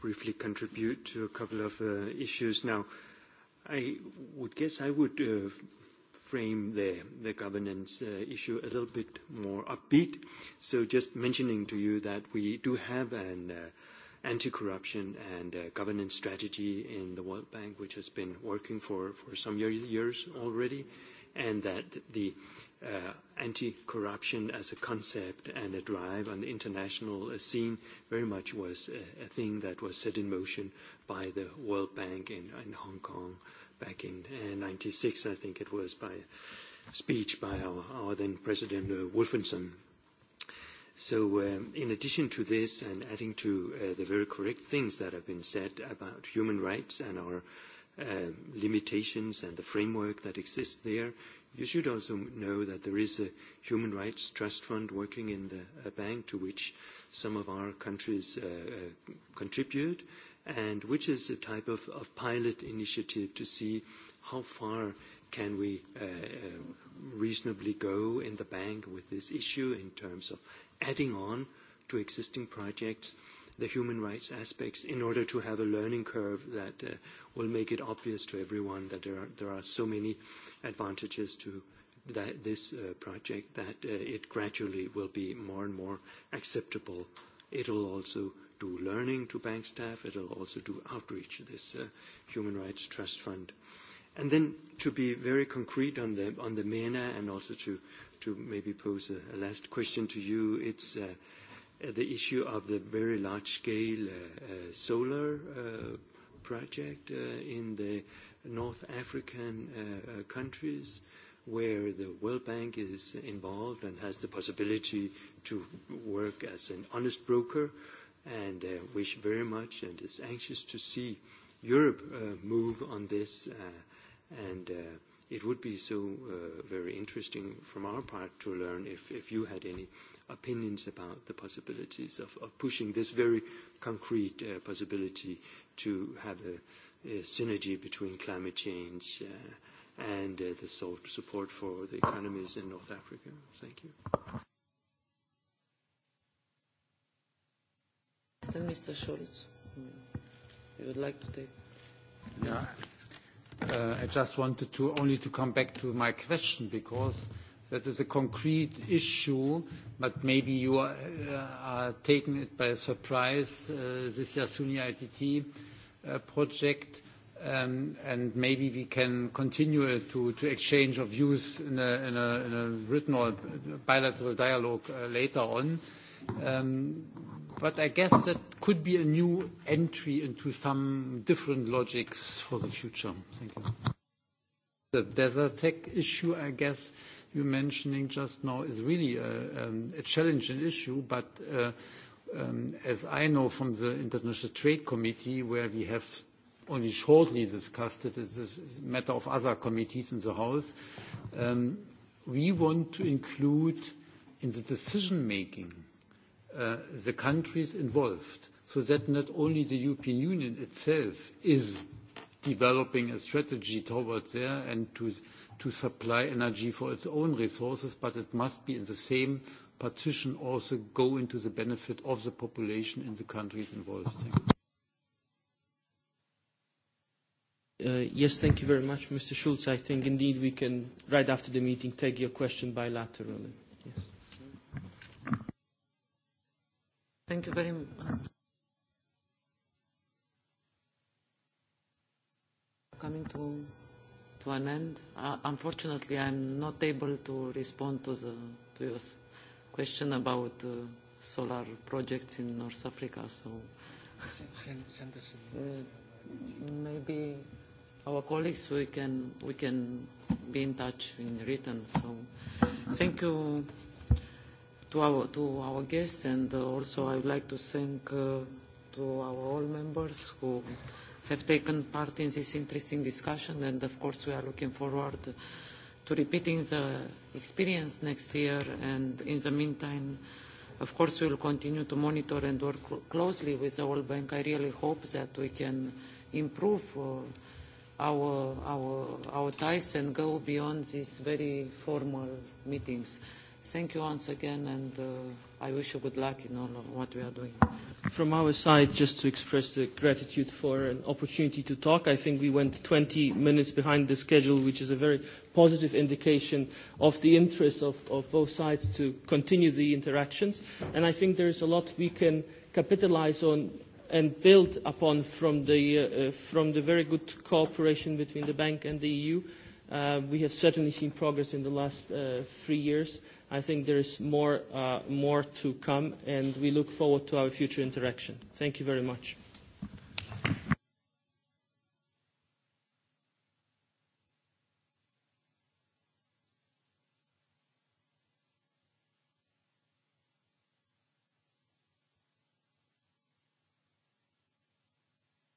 S11: briefly contribute to a couple of issues. Now, I would guess I would frame the governance issue a little bit more upbeat. So just mentioning to you that we do have an anti-corruption and governance strategy in the World Bank, which has been working for some years already and that the anti-corruption as a concept and a drive on the international scene very much was a thing that was set in motion by the World Bank in Hong Kong back in 96, I think it was, by a speech by our then President Wolfenson. So in addition to this and adding to the very correct things that have been said about human rights and our limitations and the framework that exists there. You should also know that there is a human rights trust fund working in the bank to which some of our countries contribute and which is a type of pilot initiative to see how far can we reasonably go in the bank with this issue in terms of adding on to existing projects the human rights aspects in order to have a learning curve that will make it obvious to everyone that there are there are so many advantages to this project that it gradually will be more and more acceptable. It will also do learning to bank staff. It will also do outreach, this Human Rights Trust Fund. And then to be very concrete on the on the MENA and also to maybe pose a last question to you, it's the issue of the very large-scale solar project in the North African countries where the World Bank is involved and has the possibility to work as an honest broker and wish very much and is anxious to see Europe move on this and it would be so very interesting from our part to learn if you had any opinions about the possibilities of of pushing this very concrete possibility to have a synergy between climate change and the support for the economies in North Africa. Thank you.
S1: Mr. Schulz, you would like
S2: to take.
S12: Yeah, I just wanted to only to come back to my question because That is a concrete issue, but maybe you are taking it by surprise, this Yasuni ITT project, and maybe we can continue to exchange of views in a written or bilateral dialogue later on. But I guess that could be a new entry into some different logics for the future. Thank you. The Desertec issue, I guess, you're mentioning just now is really a challenging issue, but as I know from the International Trade Committee, where we have only shortly discussed it, is a matter of other committees in the House, we want to include in the decision-making the countries involved, so that not only the European Union itself is developing a strategy towards there and to to supply energy for its own resources, but it must be in the same partition also go into the benefit of the population in the countries involved.
S2: Yes, thank you very much, Mr. Schulz. I think indeed we can, right after the meeting, take your question bilaterally. Yes.
S1: Thank you very much. Coming to an end. Unfortunately, I'm not able to respond to the to your question about solar projects in North Africa. So maybe our colleagues we can we can be in touch in written. So thank you to our to our guests and also I would like to thank to our all members who have taken part in this interesting discussion and of course we are looking forward to repeating the experience next year and in the meantime of course we will continue to monitor and work closely with the World Bank. I really hope that we can improve our our our ties and go beyond these very formal meetings. Thank you once again and I wish you good luck in all of what we are doing
S2: from our side, just to express the gratitude for an opportunity to talk. I think we went 20 minutes behind the schedule, which is a very positive indication of the interest of both sides to continue the interactions. And I think there is a lot we can capitalize on and build upon from the very good cooperation between the bank and the EU. We have certainly seen progress in the last three years I think there is more more to come, and we look forward to our future interaction. Thank you very much.